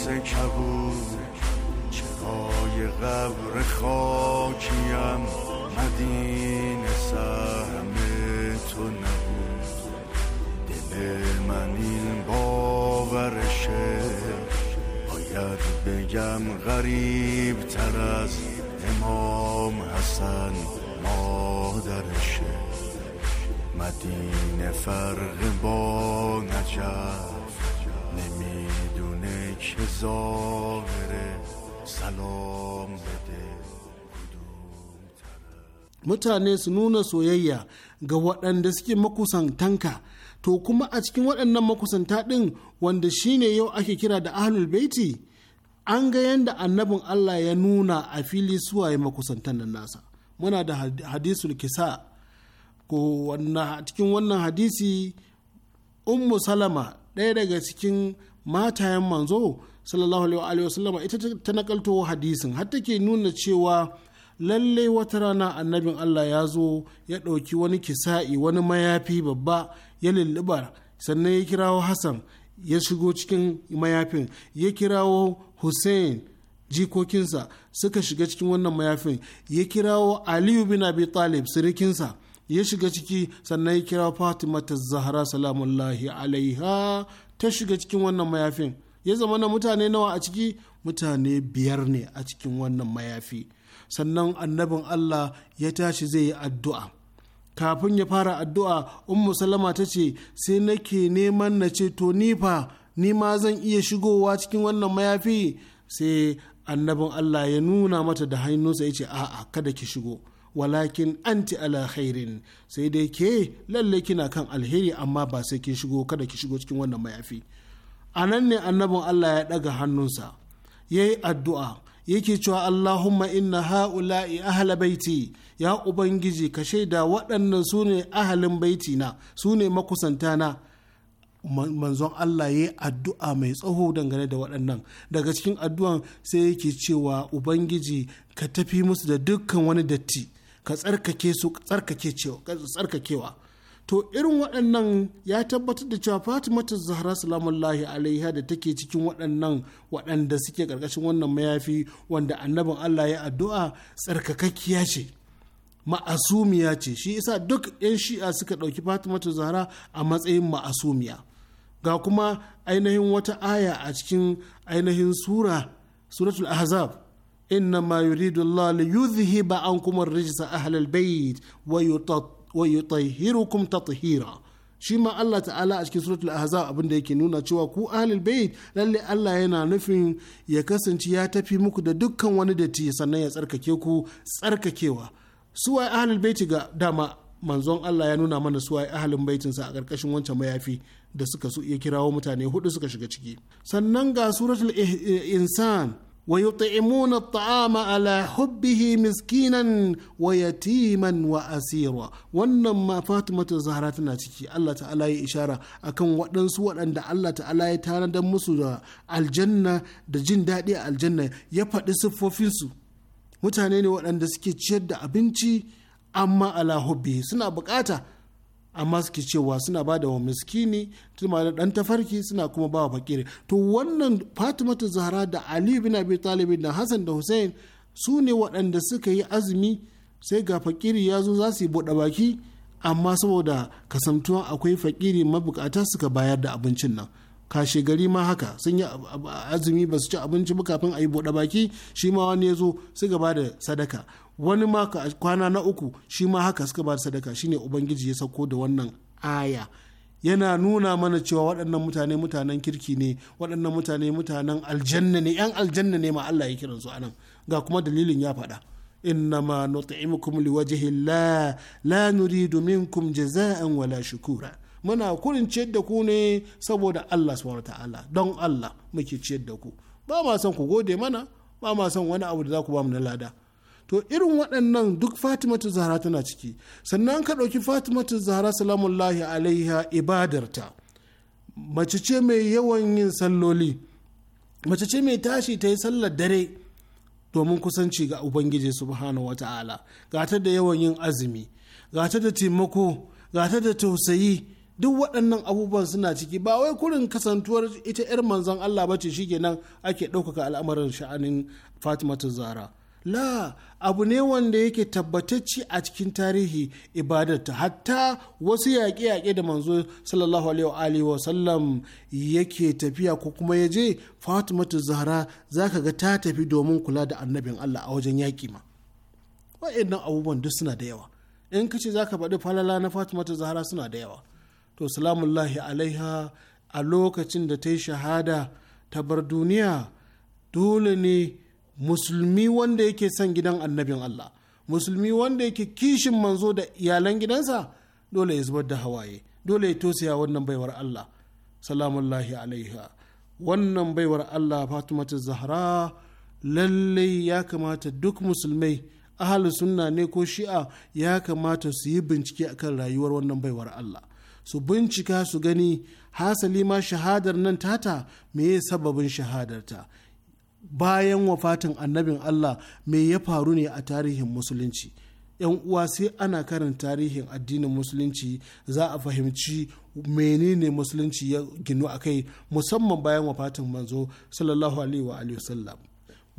کبود قبر کیم مدین سهم تو نبود دل من این باورشه باید بگم غریب تر از امام حسن مادرشه مدینه فرق با نجف نمیدونه که ظاهره سلام بده mutane su nuna soyayya ga waɗanda suke makusantanka to kuma a cikin waɗannan makusanta ɗin wanda shine yau ake kira da ahlul baiti an ga yadda annabin Allah ya nuna a fili suwaye makusantan nan nasa muna da hadisul kisa ko cikin wannan hadisi ummu salama ɗaya daga cikin matayen manzo sallallahu alaihi wa sallama ita ta nakalto hadisin har take nuna cewa lalle wata rana annabin Allah ya zo ya ɗauki wani kisa'i wani mayafi babba ya lulluba sannan ya kirawo Hassan ya shigo cikin mayafin ya kirawo Hussein jikokinsa suka shiga cikin wannan mayafin ya kirawo Aliyu bin Abi Talib sirikinsa ya shiga ciki sannan ya kirawo Fatima ta Zahra salamullahi alaiha ta shiga cikin wannan mayafin ya zama na mutane nawa a ciki mutane biyar ne a cikin wannan mayafi sannan annabin Allah ya tashi zai yi addu'a kafin ya fara addu'a ummu salama ta ce sai nake neman na ce to ni fa ni ma zan iya shigowa cikin wannan mayafi sai annabin Allah ya nuna mata da hannunsa ya ce a'a kada ki shigo walakin anti ala khairin sai dai ke lalle kina kan alheri amma ba sai ki shigo kada ki shigo cikin wannan mayafi a nan ne annabin Allah ya ɗaga hannunsa ya yi addu'a yake cewa Allahumma inna ha'ula'i ahla baiti ya ubangiji ka shaida waɗannan su ne ahalin baiti na su ne makusanta na manzon Allah ya addu'a mai tsaho dangane da waɗannan daga cikin addu'an sai yake cewa ubangiji ka tafi musu da dukkan wani datti ka tsarkake su tsarkakewa to irin waɗannan ya tabbatar da cewa Fatima ta zahra salamullahi alaiha da take cikin waɗannan waɗanda suke ƙarƙashin wannan mayafi wanda annabin allah ya addu'a tsarkakakkiya ce ma'asumiya ce shi isa duk 'yan shi'a suka ɗauki ta zahra a matsayin ma'asumiya ga kuma ainihin wata aya a cikin ainihin sura suratul ahzab inna ma yuridu allah li yuzhiba ankum ar-rijsa ahlal bayt wa yutat wa yutahhirukum tathira shi ma Allah ta'ala a cikin suratul ahzab abin da yake nuna cewa ku ahlul bait lalle Allah yana nufin ya kasance ya tafi muku da dukkan wani datti sannan ya tsarkake ku tsarkakewa su wai ahlul bait ga dama manzon Allah ya nuna mana su wai ahlul baitin sa a karkashin wancan mayafi da suka su iya kirawo mutane hudu suka shiga ciki sannan ga suratul insan ويطعمون الطعام على حبه مسكينا ويتيما وأسيرا wannan ma Fatimatu Zahra tana ciki Allah ta'ala ya ishara akan waɗansu waɗanda Allah ta'ala ya tanadar musu da aljanna da jin daɗi a aljanna ya faɗi siffofinsu mutane ne waɗanda suke ciyar da abinci amma ala hubbi suna buƙata amma suke cewa suna ba da wa miskini tuma dan tafarki suna kuma ba wa fakiri to wannan fatimatu zahra da ali bin abi talib da hassan da hussein su ne waɗanda suka yi azumi sai ga fakiri ya zo za su yi buɗe baki amma saboda kasantuwa akwai fakiri mabukata suka bayar da abincin nan kashe gari ma haka sun yi azumi ba su ci abinci ba kafin a yi buɗe baki shi ma wani ya zo suka gaba da sadaka wani ma kwana na uku shi ma haka suka ba da sadaka ne ubangiji ya sauko da wannan aya yana nuna mana cewa waɗannan mutane mutanen kirki ne waɗannan mutane mutanen aljanna ne yan aljanna ne ma Allah ya kiran su anan ga kuma dalilin ya faɗa innama nut'imukum liwajhi la la nuridu minkum jaza'an wala shukura muna kurin ciyar da ku ne saboda Allah subhanahu ta'ala don Allah muke ciyar da ku ba ma son ku gode mana ba ma son wani abu da za ku ba mu na lada to irin waɗannan duk fatimatu zahra tana ciki sannan ka ɗauki fatimatu zahra salamullahi alaiha ibadarta mace ce mai yawan yin salloli mace ce mai tashi ta yi sallar dare domin kusanci ga ubangiji subhanahu ga gata da yawan yin azumi gata da taimako gata da tausayi duk waɗannan abubuwan suna ciki ba wai kurin kasantuwar ita 'yar manzon Allah ba ce shikenan ake ɗaukaka al'amarin sha'anin Fatimatu Zara. la abu ne wanda yake tabbatacci a cikin tarihi ibadarta hatta wasu yaƙe-yaƙe da manzo sallallahu alaihi wa sallam yake tafiya ko kuma ya je fatimatu Zara za ka ga ta tafi domin kula da annabin allah a wajen yaƙi ma wa'annan abubuwan duk suna da yawa in ka ce za ka faɗi falala na fatimatu zahra suna da yawa to salamullahi alaiha a lokacin da ta yi shahada ta bar duniya dole ne musulmi wanda yake son gidan annabin Allah musulmi wanda yake kishin manzo da iyalan gidansa dole ya zubar da hawaye dole ya tosiya wannan baiwar Allah salamullahi alaiha wannan baiwar Allah Fatimatu Zahra lallai ya kamata duk musulmai ahalin sunna ne ko shi'a ya kamata su yi bincike akan rayuwar wannan baiwar Allah su bincika su gani hasali ma shahadar nan tata me sababin shahadarta bayan wafatin annabin Allah me ya faru ne a tarihin musulunci yan uwa sai ana karin tarihin addinin musulunci za a fahimci menene musulunci ya ginu a kai musamman bayan wafatin manzo sallallahu alaihi wa sallam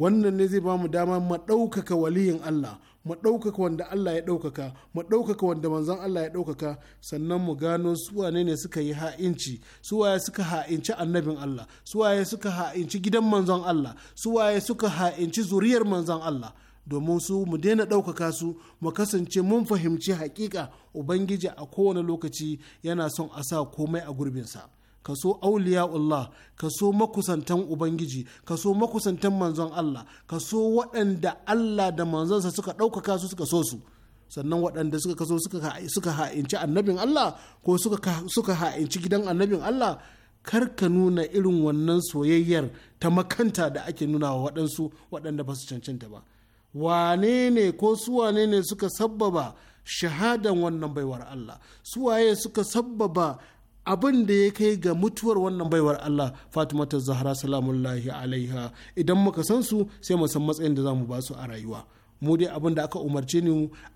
wannan ne zai ba mu dama mu ɗaukaka waliyin Allah mu ɗaukaka wanda Allah ya ɗaukaka mu ɗaukaka wanda manzon Allah ya ɗaukaka sannan mu gano su wane ne suka yi ha'inci su waye suka ha'inci annabin Allah su waye suka ha'inci gidan manzon Allah su waye suka ha'inci zuriyar manzon Allah domin su mu daina ɗaukaka su mu kasance mun fahimci hakika ubangiji a kowane lokaci yana son a sa komai a gurbinsa. ka so Allah ka so makusantan ubangiji ka so makusantan manzon Allah ka so waɗanda Allah da manzonsa suka ɗaukaka su suka so su sannan waɗanda suka kaso suka ha'inci annabin Allah ko suka ha'inci gidan annabin Allah kar ka nuna irin wannan soyayyar ta makanta da ake nuna wa waɗansu waɗanda ba su cancanta ba wane ne ko su wane ne suka sabbaba shahadan wannan baiwar Allah suwaye suka sabbaba abin da ya kai ga mutuwar wannan baiwar Allah ta Zahra salamullahi alaiha idan muka san su sai mu san matsayin da zamu ba su a rayuwa mu dai abin da aka umarce ni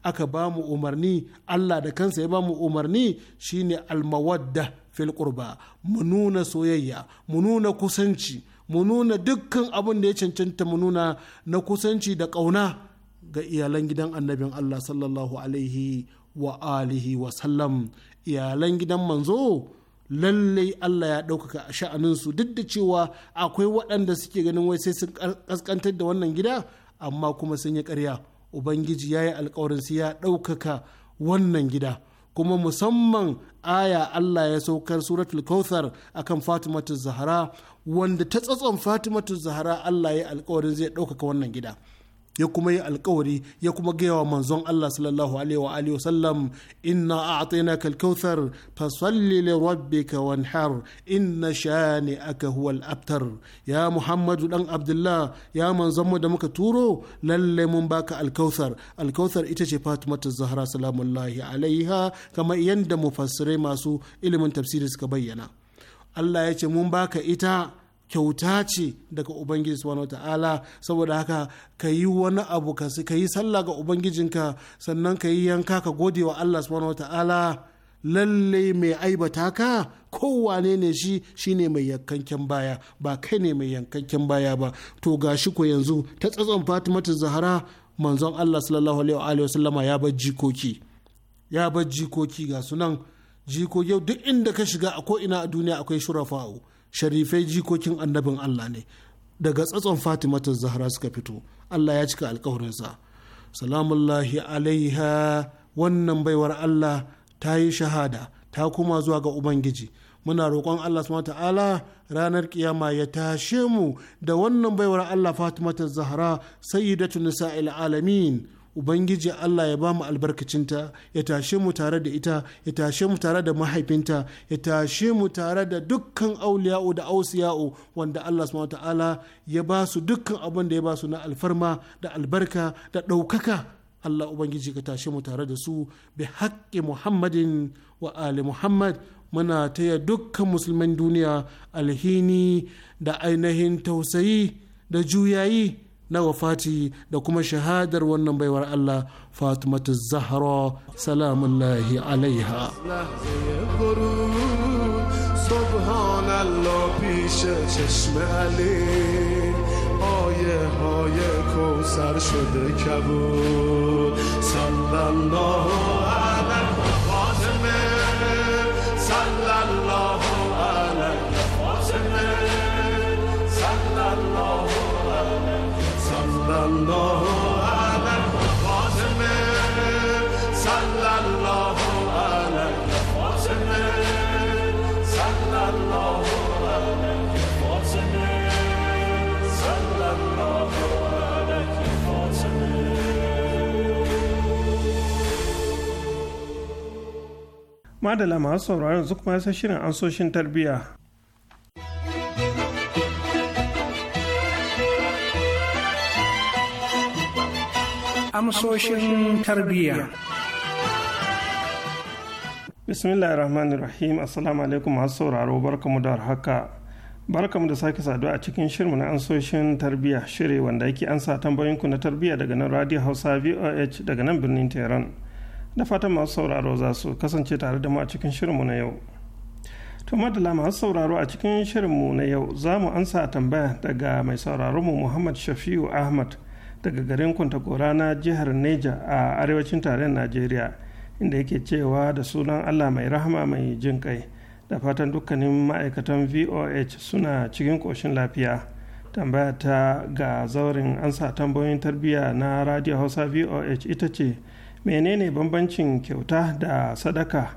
aka ba mu umarni Allah da kansa ya ba mu umarni shine almawadda fil qurba mu nuna soyayya mu nuna kusanci mu nuna dukkan abin da ya cancanta mu nuna na kusanci da ƙauna ga iyalan gidan annabin Allah sallallahu alaihi wa alihi wa sallam iyalan gidan manzo lallai Allah ya ɗaukaka a sha'aninsu duk da cewa akwai waɗanda suke ganin wai sai sun ƙasƙantar da wannan gida amma kuma sun yi ƙarya ubangiji ya yi alkawarin sai ya ɗaukaka wannan gida kuma musamman aya Allah ya saukar suratul kauthar akan fatimatu zahara wanda ta tsatson fatimatu zahara Allah ya alkawarin zai ɗaukaka wannan gida ya kuma yi alkawari ya kuma gaya wa manzon Allah sallallahu alaihi wa alihi wasallam inna a'tainaka al-kauthar fasalli li rabbika wanhar inna shani'aka huwa al-abtar ya Muhammadu dan Abdullah ya manzon mu da muka turo lalle mun baka al-kauthar al ita ce fatimata Zahra salamullahi alaiha kamar yanda mufassirai masu ilimin tafsiri suka bayyana Allah ya ce mun baka ita kyauta ce daga ubangiji subhanahu ta'ala saboda haka ka yi wani abu ka yi sallah ga ubangijinka sannan ka yi yanka ka gode wa Allah subhanahu ta'ala lalle mai aibata ka kowane ne shi shine mai yankanken baya ba kai ne mai yankanken baya ba to gashi ko yanzu ta tsatson fatimatu Zahra. manzon Allah sallallahu alaihi wa sallama ya bar jikoki ya bar jikoki ga sunan jikoki duk inda ka shiga a ko ina a duniya akwai shurafa'u sharifai jikokin annabin Allah ne daga tsatson fatimata zahra suka fito Allah ya cika alkawarinsa salamullahi alaiha wannan baiwar Allah ta yi shahada ta kuma zuwa ga ubangiji muna roƙon Allah subhanahu ta'ala ranar kiyama ya tashe mu da wannan baiwar Allah fatimata zahra sayyidatu nisa'il alamin ubangiji allah ya ba mu albarkacinta ya tashe mu tare da ita ya tashe mu tare da mahaifinta ya tashe mu tare da dukkan auliya'u da ausiya'u wanda allah subhanahu ta'ala ya ba su dukkan abin da ya ba su na alfarma da albarka da ɗaukaka allah ubangiji ka tashe mu tare da su bi haƙƙi muhammadin wa ali muhammad muna taya dukkan musulman duniya alhini da ainihin tausayi da juyayi na wafati da kuma shahadar wannan baiwar Allah Fatimatu Zahra salamullahi alaiha. سبحان الله صلى الله على القاسم صلى الله على القاسم صلى الله على صلى الله على sauraron zukuma sai shirin ansoshin tarbiyya amsoshin tarbiyya. bismillahir rahmanir rahim assalamu alaikum masu sauraro barkamu da haka barkamu da sake saduwa a cikin shirin na amsoshin tarbiyya shiri wanda yake ansa tambayoyinku na tarbiyya daga nan radio hausa voh daga nan birnin tehran da fatan masu sauraro za su kasance tare da mu a cikin shirinmu na yau to madalla masu sauraro a cikin shirinmu na yau za mu ansa tambaya daga mai sauraronmu muhammad shafiu ahmad daga garin Kuntagora na jihar neja a arewacin tarayyar najeriya inda yake cewa da sunan allah mai rahama mai jin kai da fatan dukkanin ma'aikatan voh suna cikin koshin lafiya tambaya ta ga zaurin ansa tambayoyin tarbiyya na radio hausa voh ita ce menene bambancin kyauta da sadaka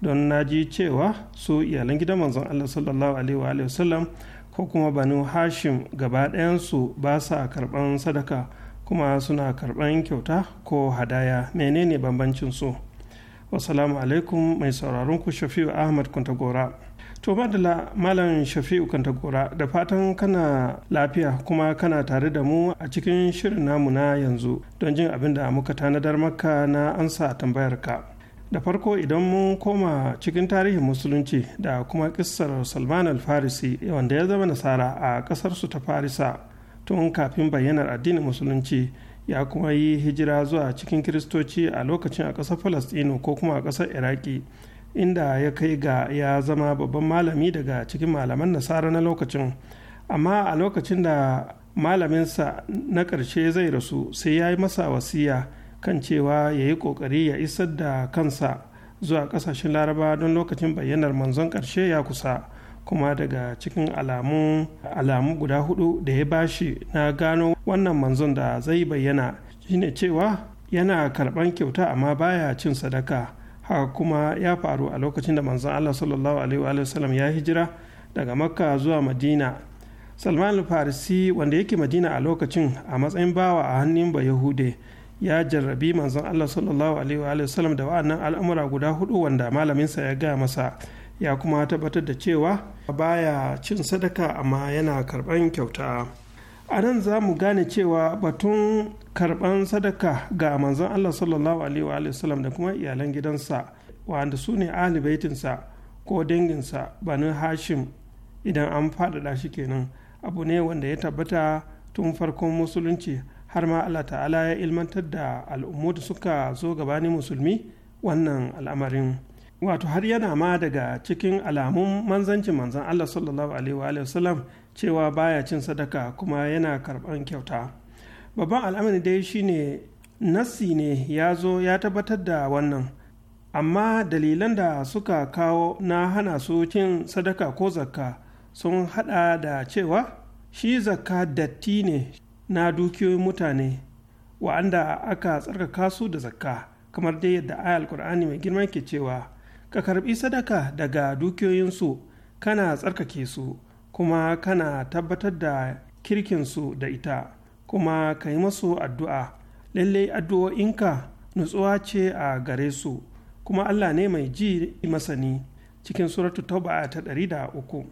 don naji cewa su iyalan gidan manzon allah sallallahu alaihi wa sallam ko kuma banu hashim gaba ɗayansu ba sa karɓan sadaka kuma suna karɓan kyauta ko hadaya menene bambancin su wasalamu alaikum mai sauraron ku shafi'u ahmad kwantagora to madala malam shafi'u kwantagora da fatan kana lafiya kuma kana tare da mu a cikin shirin namu na yanzu don jin abin da muka tanadar maka na ansa tambayar ka da farko idan mun koma cikin tarihin musulunci da kuma kissar salman alfarisi wanda ya zama nasara a kasarsu ta farisa tun kafin bayyanar addinin musulunci ya kuma yi hijira zuwa cikin kiristoci a lokacin a ƙasar falastino ko kuma a ƙasar iraki inda ya kai ga ya zama babban malami daga cikin malaman nasara na lokacin amma a lokacin da malaminsa na ƙarshe zai rasu sai ya yi masa wasiya kan cewa ya yi ƙoƙari ya isar da kansa zuwa ƙasashen laraba don lokacin bayyanar manzon ƙarshe ya kusa kuma daga cikin alamu alamu guda hudu da ya bashi na gano wannan manzon da zai bayyana shine cewa yana karban kyauta amma baya cin sadaka haka kuma ya faru a lokacin da manzon Allah sallallahu alaihi wa sallam ya hijira daga makka zuwa madina salman farisi wanda yake madina a lokacin a matsayin bawa a hannun ba yahude ya jarrabi manzon Allah sallallahu alaihi wa sallam da wa'annan al'amura guda hudu wanda malaminsa ya gaya masa ya kuma tabbatar da cewa baya cin sadaka amma yana karban kyauta a nan za mu gane cewa batun karban sadaka ga manzon Allah sallallahu alaihi wa da kuma iyalan gidansa wanda su ne alibaitinsa ko danginsa banin hashim idan an faɗaɗa shi kenan abu ne wanda ya tabbata tun farkon musulunci har ma Allah ta'ala ya ilmantar da al'ummu da suka zo gabanin musulmi wannan al'amarin wato har yana ma daga cikin alamun manzancin manzan Allah sallallahu alaihi sallam cewa baya cin sadaka kuma yana karban kyauta babban al'amari dai shine nasi ne ya zo ya tabbatar da wannan amma dalilan da suka kawo na hana su cin sadaka ko zakka sun hada da cewa shi zakka datti ne na dukiyoyin mutane wa'anda aka tsarkaka su da zakka kamar dai yadda ayal alkur'ani mai girma ke cewa ka karbi sadaka daga dukiyoyinsu kana tsarkake su kuma kana tabbatar da kirkinsu da ita kuma ka yi masu addu'a lallai addu'o'inka nutsuwa ce a gare su kuma allah ne mai ji masani cikin suratu tauba ta ɗari da uku.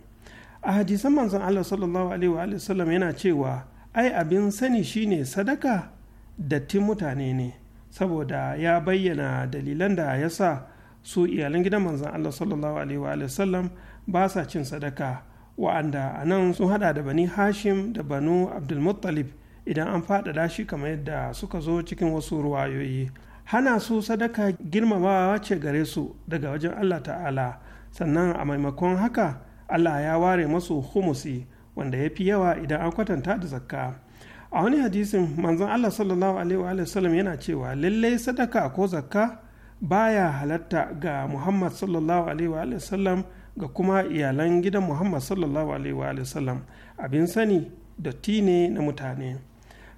a hadisan manzon allah sallallahu alaihi wa yana cewa ai abin sani shine sadaka dattin mutane ne saboda ya bayyana dalilan da ya sa su iyalan gidan manzan Allah sallallahu alaihi wa sallam ba sa cin sadaka wa'anda a nan sun hada da bani hashim da banu abdulmuttalib idan an faɗaɗa shi kamar yadda suka zo cikin wasu ruwayoyi hana su sadaka girmamawa ce gare su daga wajen Allah ta'ala sannan a maimakon haka Allah ya ware masu humusi wanda ya fi yawa idan an kwatanta da zakka a wani hadisin manzon Allah sallallahu alaihi wa sallam yana cewa lallai sadaka ko zakka baya halatta ga muhammad sallallahu alaihi sallam ga kuma iyalan gidan muhammad sallallahu alaihi sallam abin sani da ne na mutane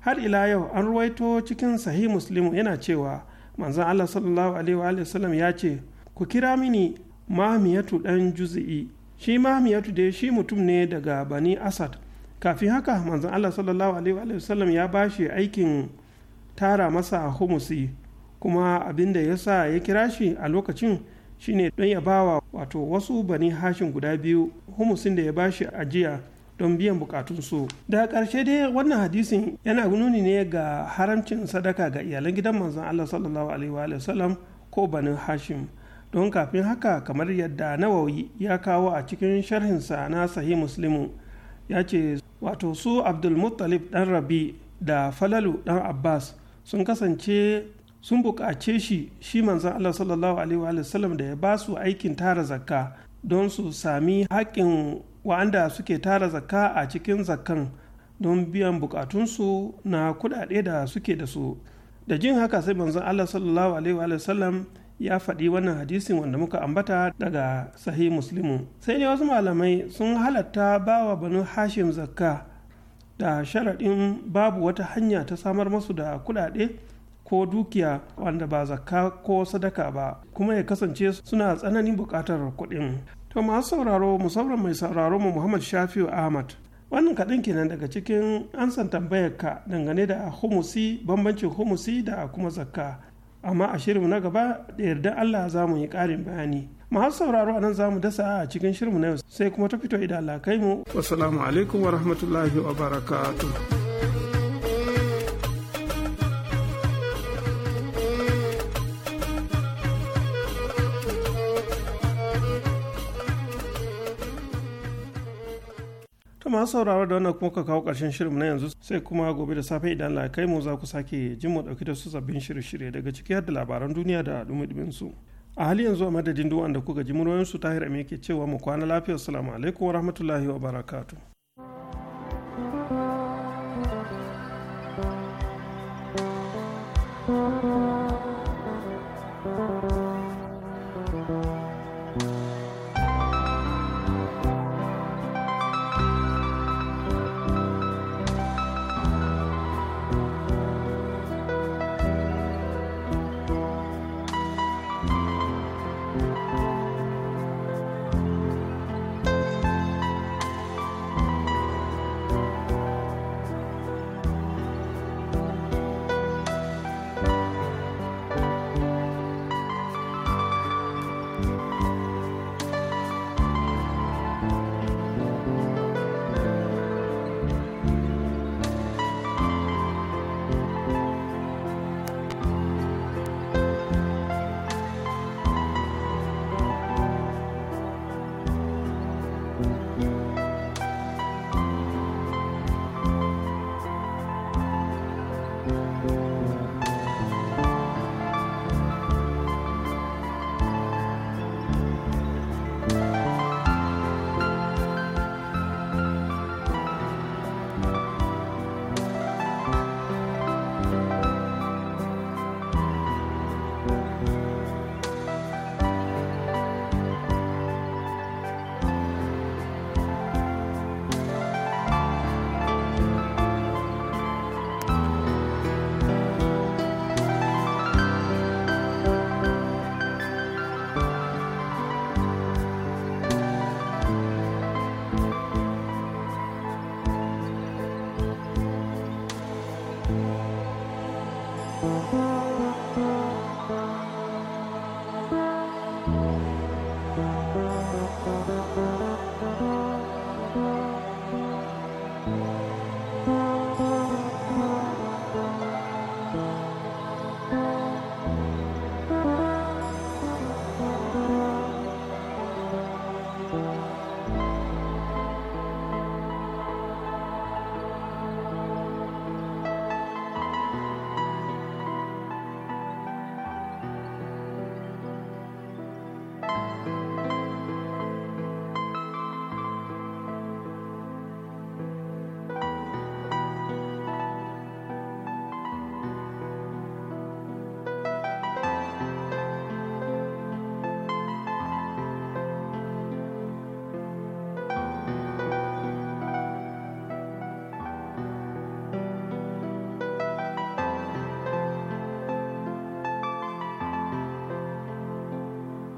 har ila yau an ruwaito cikin sahih muslim yana cewa manzon allah sallallahu alaihi sallam ya ce ku kira mini mahamiyatu dan juzi'i shi mahamiyatu dai shi mutum ne daga bani asad kafin haka manzon allah sallallahu alaihi sallam ya bashi aikin tara masa humusi kuma abin da ya sa ya kira shi a lokacin shine don ya bawa wato wasu bani hashin guda biyu humusin da ya bashi ajiya don biyan bukatunsu da ƙarshe dai wannan hadisin yana nuni ne ga haramcin sadaka ga iyalan gidan manzon Allah sallallahu alaihi wa ko banin hashim don kafin haka kamar yadda nawawi ya kawo a cikin sharhinsa na sahi muslimu ya ce wato su abdulmuttalib dan rabi da falalu dan abbas sun kasance sun buƙace shi shi manzan Allah sallallahu alaihi wa da ya ba su aikin tara zakka don su sami haƙƙin wa'anda suke tara zakka a cikin zakkan don biyan buƙatunsu na kuɗaɗe da suke da su da jin haka sai manzan Allah sallallahu alaihi wa ya faɗi wannan hadisin wanda muka ambata daga sahih muslimu sai dai wasu malamai sun halatta bawa banu hashim zakka da sharaɗin babu wata hanya ta samar masu da kuɗaɗe ko dukiya wanda ba zakka ko sadaka ba kuma ya kasance suna tsananin bukatar kuɗin to masu sauraro musamman mai sauraro mu muhammad shafiu ahmad wannan kaɗan kenan daga cikin ansan tambayar ka dangane da humusi bambancin humusi da kuma zakka amma a shirinmu na gaba da yarda allah za mu yi ƙarin bayani masu sauraro a nan za mu dasa a cikin shirinmu na yau sai kuma ta fito idan allah kai mu wasu alaikum wa rahmatullahi wa barakatuh to masu sauraro da wannan kuma ka kawo ƙarshen shirin na yanzu sai kuma gobe da safe idan la kai mu za ku sake jin mu dauki da su sabbin shirye-shirye daga ciki har da labaran duniya da dumi su a hali yanzu a madadin duwan da kuka ji muryoyin su tahir amin ke cewa mu kwana lafiya assalamu alaikum wa rahmatullahi wa barakatu. thank